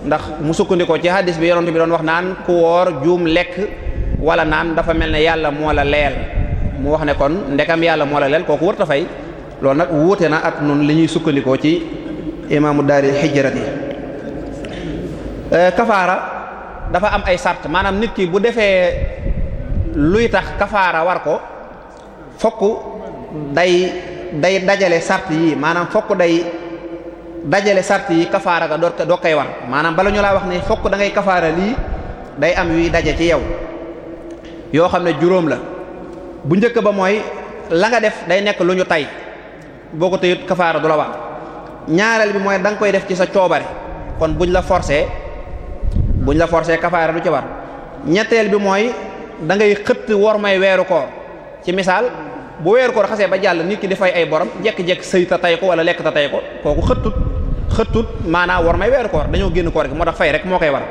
ndax mu sukkandikoo ci doon wax naan ku woor juum lekk wala naan dafa mel ne yàlla moo la leel mu wax ne kon ndekam yàlla moo la leel kooku wër ta fay loolu nag wuute na ak nun li ñuy sukkandikoo ci imaamu daari xijrat yi euh, kafaara dafa am ay sart maanaam nit ki bu defee luy tax kafaara war ko fokk day day dajale sart yi maanaam fokk day dajale sart yi kafaara ga doo doo koy war maanaam bala ñu laa wax ne fokk da ngay kafaara lii day am yuy daje ci yow yoo xam ne juróom la bu njëkk ba mooy la nga def day nekk lu ñu tay boo ko tëyut kafaara du la war ñaareel bi mooy da nga koy def ci sa coobare kon buñ la forcé buñ la forcé kafaara du ci war ñetteel bi mooy dangay ngay xëtt wor may weeru koor ci misaal bu weeru koor xasee ba jàll nit ki di fay ay borom jekk-jekk sëy ta tay ko wala lekk ta tay ko kooku xëttut xëttut maanaam wor may weeru koor dañoo génn koor gi moo tax fay rek moo koy war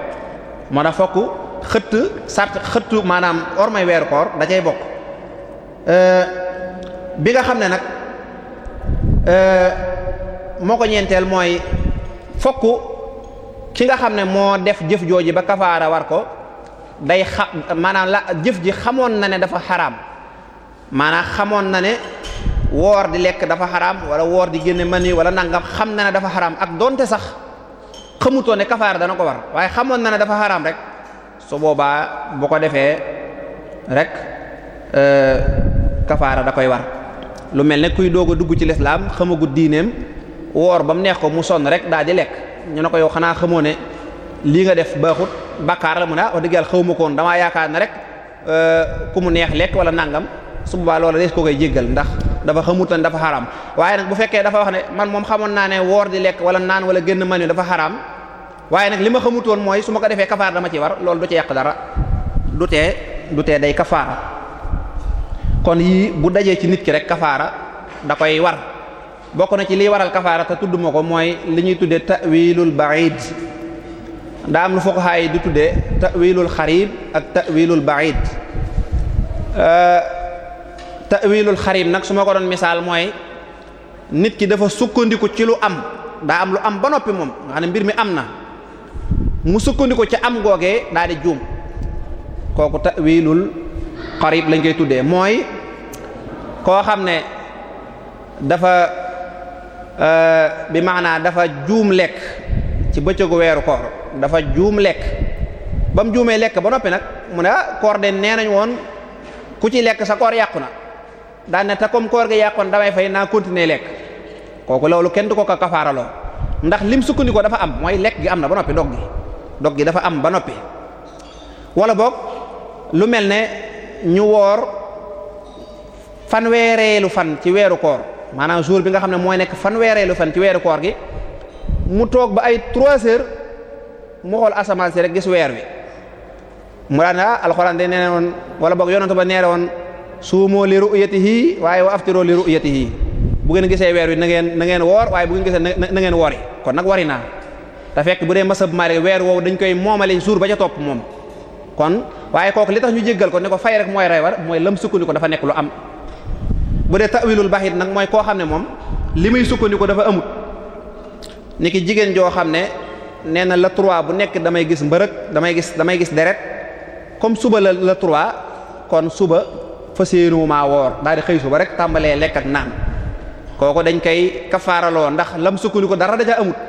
moo tax fokk xëtt sart xëttu maanaam ormay weeru koor da cay bokk euh, bi nga xam ne nag euh, moo ko ñeenteel mooy fokk ki nga xam ne moo def jëf jooji ba kafaara war ko day xa maanaam la jëf ji xamoon na ne dafa xaraam maanaam xamoon na ne woor di lekk dafa xaraam wala woor di génne mani wala nangam xam na ne dafa xaraam ak donte sax xamutoo ne kafaar dana ko war waaye xamoon na ne dafa xaraam rek su boobaa bu ko defee rek euh, kafaara da koy war lu mel ne kuy doog a dugg ci lislaam xamagut diineem woor ba mu neex ko mu sonn rek daa di lekk ñu ne ko yow xanaa xamoo ne lii nga def baaxut bakkaar la mu ne ah wax dëgg yàlla xaw ma ko damaa yaakaar ne rek euh, ku mu neex lekk wala nangam su boobaa loola des koy jéggal ndax dafa xamut ne dafa xaraam waaye nag bu fekkee dafa wax ne man moom xamoon naa ne woor di lekk wala naan wala génn manu dafa xaraam waaye nag li ma xamutoon mooy su ma ko defee kafaara dama ci war loolu du ci yàq dara du tee du day kafaara kon yii bu dajee ci nit ki rek kafaara da koy war bokk na ci liy waral kafaara te tudduma ko mooy li ñuy tuddee ta'wilul ba'id daa am lu fuqaha yi di tuddee ta'wilul xarib ak ta'wilul ba'id ta'wilul xarib nag su ma ko doon misaal mooy nit ki dafa sukkandiku ci lu am daa am lu am ba noppi moom nga mbir mi am na mu sukkandiku ca am googee daa di juum kooku ta'wilul qarib lañ koy tuddee mooy koo xam ne dafa euh, bi maanaa dafa juum lekk ci bëccëgu weeru koor dafa juum lekk ba mu juumee lekk ba noppi nag mu ne ah, koor de nee nañ woon ku ci lekk sa koor yàqu na daan ne te koor gi yàqoon damay fay naa continuer lekk kooku loolu kenn du ko ko kafaaraloo ndax lim sukkandikoo dafa am mooy lekk gi am na ba noppi dog dog gi dafa am ba noppi wala boog lu mel ne ñu woor fanweereelu fan ci weeru koor maanaam jour bi nga xam ne mooy nekk fan weereelu fan ci weeru koor gi mu toog ba ay trois heures mu xool asamaan si rek gis weer wi mu daan ah alxuraan de nee woon wala boog yonantu ba neere woon suumoo li ru'yatihi waaye wa aftiroo li ru'yatihi bu ngeen gisee weer wi nangeen ngeen na ngeen woor waaye bu ngeen gisee na ngeen wori kon nag wari naa te fekk bu dee masab Maalik weer woowu dañ koy moomalee jour ba ca topp moom kon waaye kooku li tax ñu jéggal ko ne ko fay rek mooy rey war mooy lam sukkandiku dafa nekk lu am bu dee tawilul baxit nag mooy koo xam ne moom li muy sukkandiku dafa amut ni ki jigéen joo xam ne nee na la trois bu nekk damay gis mbërëg damay gis damay gis deret comme suba la la trois kon suba fa séenumaa woor daal di xëy suba rek tàmbalee lekk ak naan kooku dañ koy kafaaraloo ndax lam sukkandiku dara da ca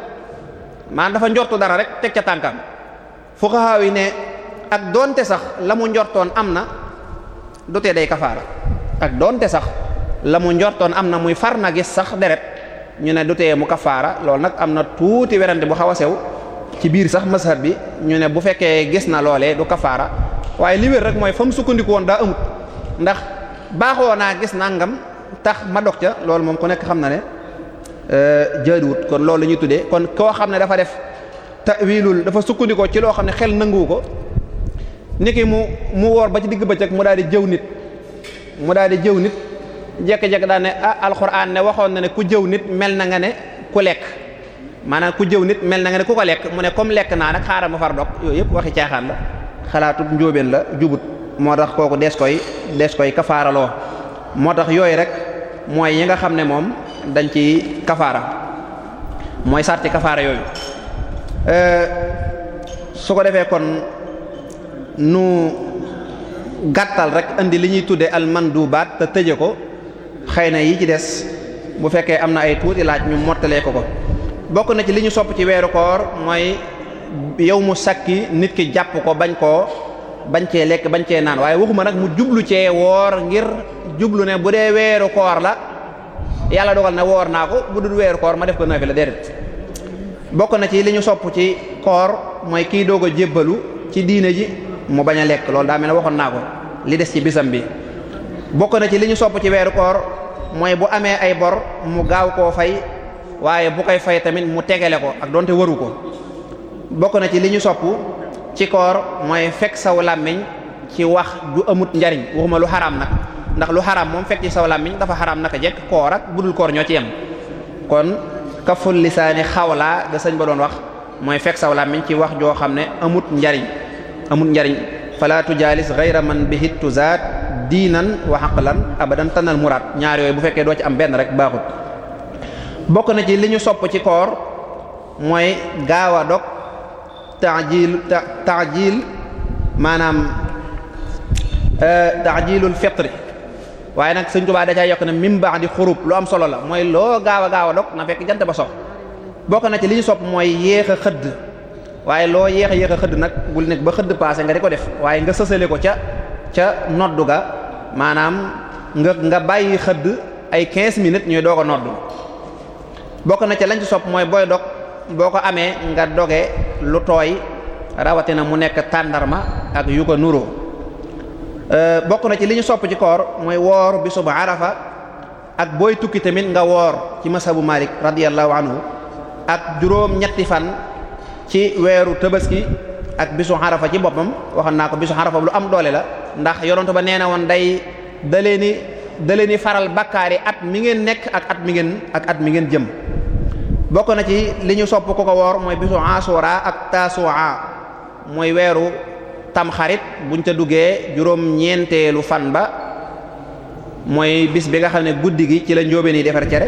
maanaam dafa njortu dara rek teg ca tànkam fu yi ne ak doonte sax la mu njortoon am na du day kafaara ak doonte sax la mu njortoon am na muy far na gis sax deret ñu ne du mu kafaara loolu nag am na tuuti werante bu xaw a sew ci biir sax masar bi ñu ne bu fekkee gis na loole du kafaara waaye li rek mooy fa mu sukkandiku woon daa amut ndax baaxoo naa gis nangam tax ma dog ca loolu moom ku nekk xam na ne Euh, jaaduwut kon loolu la ñuy tuddee kon koo xam ne dafa def tawilul dafa sukkandikoo ci loo xam ne xel nanguwu ko niki mu mu woor ba ci digg bëccëg mu daal di jëw nit mu daal di jëw nit jekk-jekk daal ne ah alxuraan ne waxoon na ne ku jëw nit mel na nga ne ku lekk maanaam ku jëw nit mel na nga ne ku ko lekk mu ne comme lekk naa nag xaaral ma far dog yooyu yëpp waxi caaxaan la xalaatub njóobeen la jubut moo tax kooku des koy des koy kafaaraloo moo tax yooyu rek mooy yi nga xam ne moom dañ ci kafaara mooy sarti kafaara yooyu euh, su ko defee kon nu gàttal rek indi li ñuy tudde almandubaat te tëje ko xëy na yi ci des bu fekkee am na ay tuuti laaj ñu mottalee ko ko bokk na ci li ñu sopp ci weeru koor mooy yow mu sakki nit ki jàpp ko bañ koo bañ cee lekk bañ cee naan waaye waxuma nag mu jublu cee woor ngir jublu ne bu dee weeru koor la yàlla dogal na woor naa ko bu dul weeru koor ma def ko la deret bokk na ci li ñu sopp ci koor mooy kii doog a jébbalu ci diine ji mu bañ a lekk loolu daa mel ne waxoon naa ko li des ci bisam bi bokk na ci li ñu sopp ci weeru koor mooy bu amee ay bor mu gaaw koo fay waaye bu koy fay tamit mu tegale ko ak donte waru ko bokk na ci li ñu sopp ci koor mooy fekk saw làmmiñ ci wax du amut njariñ waxuma lu xaraam nag ndax lu xaraam moom fekk ci saw làmmiñ dafa xaraam naka jekk koor ak budul koor ñoo ci yem kon kaful lisaani xawlaa ga sëñ ba doon wax mooy fekk saw làmmiñ ci wax joo xam ne amut njariñ amut njariñ fala tujaalis ghayra man bihi tuzaat diinan wa aqlan abadan tanal muraad ñaar yooyu bu fekkee doo ci am benn rek baaxut bokk na ci li ñu sopp ci koor mooy gaaw a dog taajil taajil maanaam euh, taajilul fitri waaye nag sëñ Tuubaa da caa yokk ne mim baax di xurub lu am solo la mooy loo gaaw a gaaw a dog na fekk jant ba sox bokk na ci li ñu sopp mooy yéex a xëdd waaye loo yéex a yéex a xëdd nag bul nekk ba xëdd paase nga di ko def waaye nga sësale ko ca ca noddu ga maanaam nga nga bàyyi xëdd ay 15 minutes ñuy doog a noddu bokk na ca lañ ci sopp mooy booy dog boo ko amee nga doge lu tooy rawatina mu nekk tàndarma ak yu ko nuroo Euh, bokk na ci li ñu sopp ci koor mooy woor bisub arafa ak booy tukki tamit nga woor ci masabu malik radiyallahu anhu ak juróom ñetti fan ci weeru tabaski ak bisu arafa ci boppam waxoon naa ko bisu arafa lu am doole la ndax yonent ba nee na woon day da leen da leen ni faral bakkaari at mi ngeen nekk ak at mi ngeen ak at mi ngeen jëm bokk na ci li ñu sopp ku ko woor mooy bisu asura ak tasua mooy weeru tamxarit buñ ca duggee juróom ñeenteelu fan ba mooy bis bi nga xam ne guddi gi ci la njóobeen yi defar cere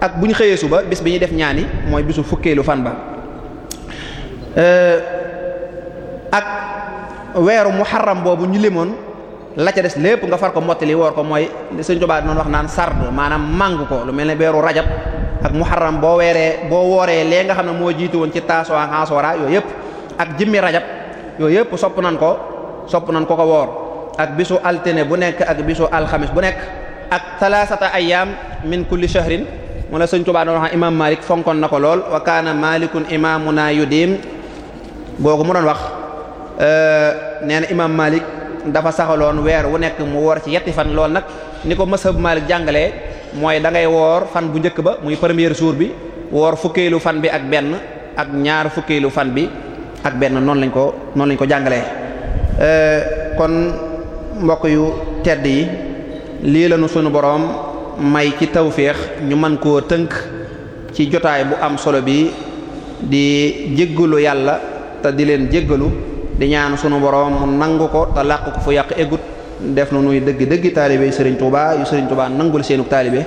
ak bu ñu xëyee suba bis bi ñuy def ñaani mooy bisu fukkeelu fan ba ak weeru muharram boobu ñu limoon la ca des lépp nga far ko mottali woor ko mooy sa Tuubaa noonu wax naan sard maanaam màng ko lu mel ne weeru rajab ak muharram boo weeree boo wooree lee nga xam ne moo jiitu woon ci taasoo ak ansoora yooyu yëpp ak jëmmi rajab yooyu yëpp sopp nan ko sopp nan ko ko woor ak bisu altine bu nekk ak bisu alxamis bu nekk ak talaasata ayaam min kulli shahrin mu la sëñ Tuubaa doon wax imaam Maalik fonkoon na ko lool wa kaana maalikun yu yudim googu mu doon wax euh, nee na imaam Maalik dafa saxaloon weer wu nekk mu woor ci yetti fan lool nag ni ko mashab Maalik jàngalee mooy da ngay woor fan bu njëkk ba muy premier jour bi woor fukkeelu fan bi ak benn ak ñaar fukkeelu fan bi ak benn noonu lañ ko noonu lañ ko jàngale euh, kon mbokk yu tedd yi lii lañu sunu boroom may ci tawféex ñu mën koo tënk ci jotaay bu am solo bi di jéggalu yàlla te di leen jéggalu di ñaan sunu boroom mu nangu ko te làq ko fu yàq egut def na nuy dëgg dëgg taalibe Sëriñ Tuubaa yu Sëriñ Tuubaa nangul seenu taalibe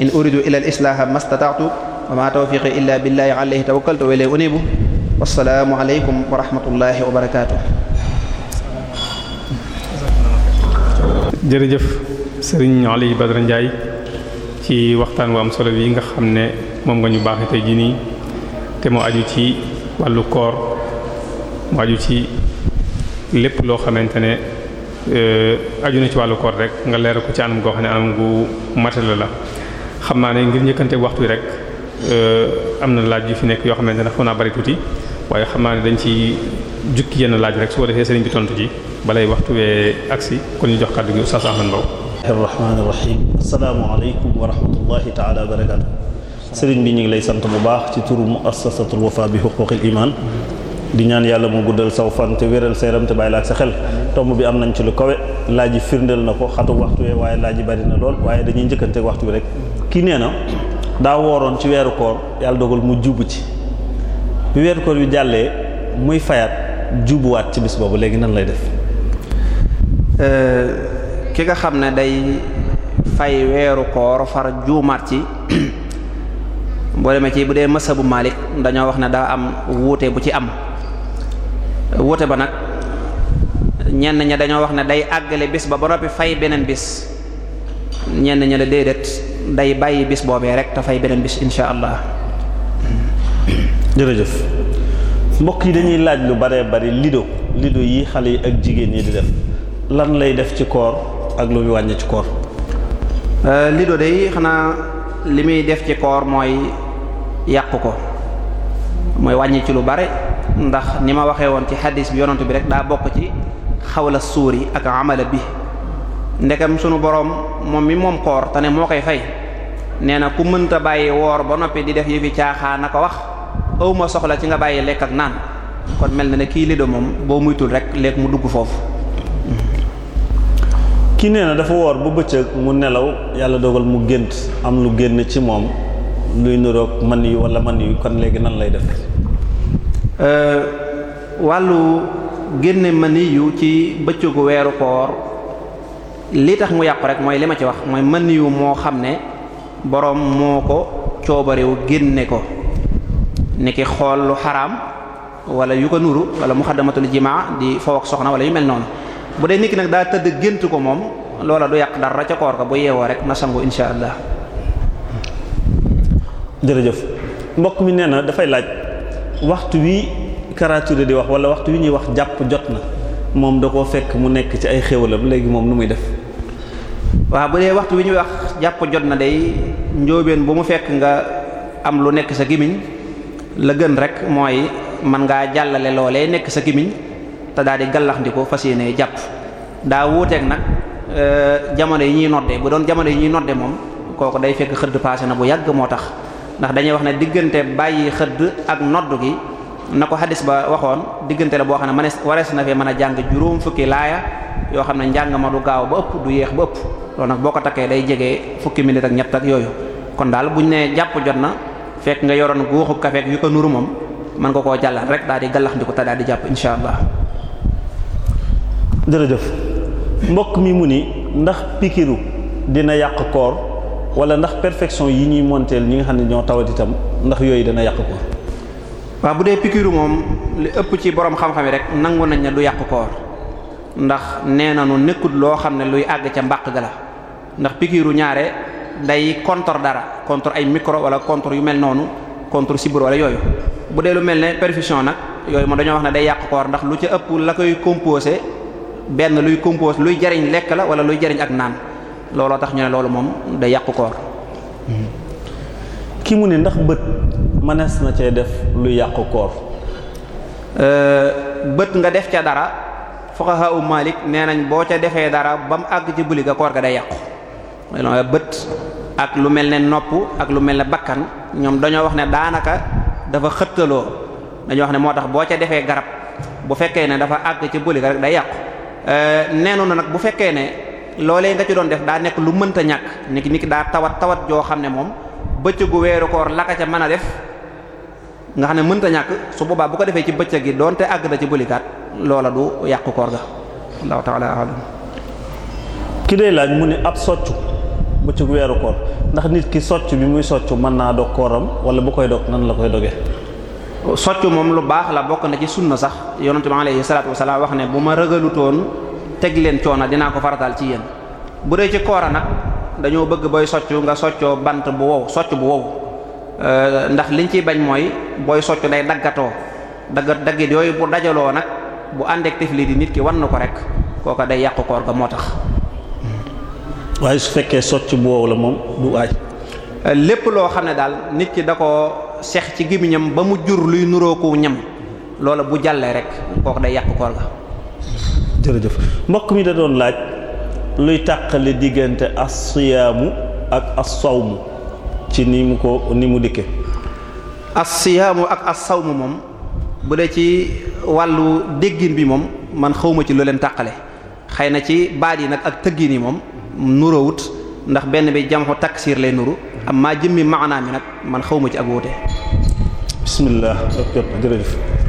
in uridu ila al islaaha mastata'tu wa ma tawfiqi illa billahi alayhi tawakkaltu wa ilayhi unibu wassalaamu aleykum wa rahmatullahi wa barakaatu jërëjëf sëriñ Aliou Badara njaay ci waxtaan wu am solo yi nga xam ne moom nga ñu baax tey jii nii te mu aju ci wàllu koor mu aju ci lépp loo xamante ne euh, aju na ci wàllu koor rek nga leeral ko ci anam goo xam ne anam gu matala la xam naa ne ngir njëkkante waxtu rek euh, am na laaj yu fi nekk yoo xamante ne dafa naa bari tuuti waaye xam naa ne dañ ci jukki yenn laaj rek su ko defee sëriñ bi tontu ji balay waxtu wee agsi kon ñu jox kàddu gi Oustaz Ahmed Mbow arrahmaani rahim asalaamaaleykum wa rahmatullahi taala wa bi ñu ngi lay sant bu baax ci turu muassasatul wafa bi xuquqil imaan di ñaan yàlla mu guddal saw fan te wéral seeram te bàyyi la ak sa xel tomb bi am nañ ci lu kawe laaj yi firndeel na ko xatu waxtu wee waaye laaj yi bari na lool waaye dañuy njëkkanteeg waxtu wi rek kii nee na daa wooroon ci weeru koor yàlla dogal mu jub ci bi weeru koor bi jàllee muy fayaat jubuwaat ci bis boobu léegi nan lay def euh, ki nga xam ne day fay weeru koor far juumaat ci boo demee ci bu dee mësa bu Malik dañoo wax ne daa am wuute bu ci am wuute ba nag ñenn ña dañoo wax ne day àggale bis ba ba noppi fay beneen bis ñenn ña ne déedéet day bàyyi bis boobee rek te fay beneen bis insha allah jërëjëf yi dañuy laaj lu baree bari lido lido yi xale yi ak jigéen ñi di def lan lay def ci koor ak lu muy wàññi ci koor. Euh, lido de xanaa li muy def ci koor mooy yàq ko mooy wàññi ci lu bare ndax ni ma waxee woon ci xaddis bi yonantu bi rek daa bokk ci xaw la suuri ak amala bi ndekam sunu boroom moom mi moom koor te ne moo koy fay nee na ku mënta bàyyi woor ba noppi di def yëfi caaxaa na ko wax. awma soxla ci nga bàyyi lekk ak naan kon mel na ne kii lido moom boo muytul rek léegi mu dugg foofu ki nee na dafa woor bu bëccëg mu nelaw yàlla dogal mu gént am lu génn ci moom luy niroog man yu wala man yu kon léegi nan lay def euh, wàllu génne mani yu ci bëccëgu weeru koor li tax mu yàqu rek mooy li ma ci wax mooy mani yu moo xam ne boroom moo ko coobarewu génne ko niki xool lu xaraam wala yu ko nuru walla muxaddamatul jimaa di foow ak soxna wala yu mel noonu bu dee nit ki nag daa tëdd gént ko moom loola du yàq dara ca koor ko bu yeewoo rek na sangu insha allah. jërëjëf mbokk mi nee na dafay laaj waxtu wi Karature di wax wala waxtu wi ñuy wax jàpp jot na moom da koo fekk mu nekk ci ay xéwalam léegi moom lu muy def. waaw bu dee waxtu wi ñuy wax jàpp jot na day njóobeen bu mu fekk nga am lu nekk sa gimiñ la gën rek mooy man ngaa jàllale loolee nekk sa kimiñ te daal di gallaxndiko fas yéene jàpp daa wuuteeg nag euh, jamono yi ñuy nodde bu doon jamono yi ñuy nodde moom kooku day fekk xëdd passé na bu yàgg moo tax ndax dañuy wax ne diggante bàyyi xëdd ak noddu gi na ko xadis ba waxoon diggante la boo xam ne manees warees na fee mën a jàng juróom fukki laaya yoo xam ne njàng ma du gaaw ba ëpp du yéex ba ëpp loolu nag boo ko takkee day jege fukki minute ak ñett ak yooyu fekk nga yoroon guuxu kafeek yu ko nuru moom mën nga koo jàllaat rek daal di gallax ndiko te daal di jàpp insha allah jërëjëf mbokk mi mu ni ndax pikiiru dina yàq koor wala ndax perfection yi ñuy monteel ñi nga xam ne ñoo tawat itam ndax yooyu dana yàq koor waaw bu dee pikiru moom li ëpp ci borom xam-xam yi rek nangu nañ ne du yàq koor ndax nee na nañu nekkut loo xam ne luy àgg ca mbàq ga la ndax pikiru ñaare day contre dara contre ay micro wala contre yu mel noonu contre sibur wala yooyu bu dee lu mel ne perfusion nag yooyu moom dañoo wax ne day yàq koor ndax lu ca ëpp la koy composé benn luy composé luy jariñ lekk la wala luy jariñ ak naan looloo tax ñu ne loolu moom day yàqu koor. ki mu ne ndax bët mënees na cee def lu yàq koor. Euh, bët nga def ca dara fuqaha u Malik nee nañ boo ca defee dara ba mu àgg ci buli ga koor ga day yàqu. bët ak lu mel ne nopp ak lu mel ne bakkan ñoom dañoo wax ne daanaka dafa xëttaloo dañoo wax ne moo tax boo ca defee garab bu fekkee ne dafa àgg ci bëli rek day yàqu euh, neenu na nag bu fekkee ne loolee nga ci doon def daa nekk lu mënta ñàkk nit ki nit ki daa tawat tawat joo xam ne moom bëccëgu weeru koor laka ca mën a def nga xam ne mënta ñàkk su boobaa bu ko defee ci bëccëg gi doonte àgg na ci bëlikaat loola du yàqu koor ga ki day laaj mu ne ab soccu bëccëg weeru koor ndax nit ki socc bi muy socc mën naa dog kooram wala bu koy dog nan la koy doge socc moom lu baax la bokk na ci sunna sax yonent bi alayhi salaatu wasalaam wax ne bu ma ragalutoon teg leen coono dinaa ko farataal ci yéen bu dee ci koora nag dañoo bëgg booy socc nga soccoo bant bu wow socc bu wow ndax liñ ciy bañ mooy booy socc lay daggatoo daggat daggit yooyu bu dajaloo nag bu àndeek tifli di nit ki wan na ko rek kooka day yàqu koor ga moo tax waaye su fekkee socc boobu la moom du aay. lépp loo xam ne daal nit ki da ko sex ci gémmiñam ba mu jur luy nuroo ko ñam loola bu jàllee rek kooku day yàq koor ga. jërëjëf mbokk mi da doon laaj luy tàqale diggante as-siyaamu ak as ci ni mu ko ni mu dikke as-siyaamu ak as-sawmu moom bu dee ci wàllu déggin bi moom man xawma ci lu leen tàqale xëy na ci baat yi nag ak tëggin yi moom. nuroo nuroowut ndax benn bi jamxu taksiir lay nuru am maa jëmmi maanaa mi nag man xawma ci ak wóote bismillah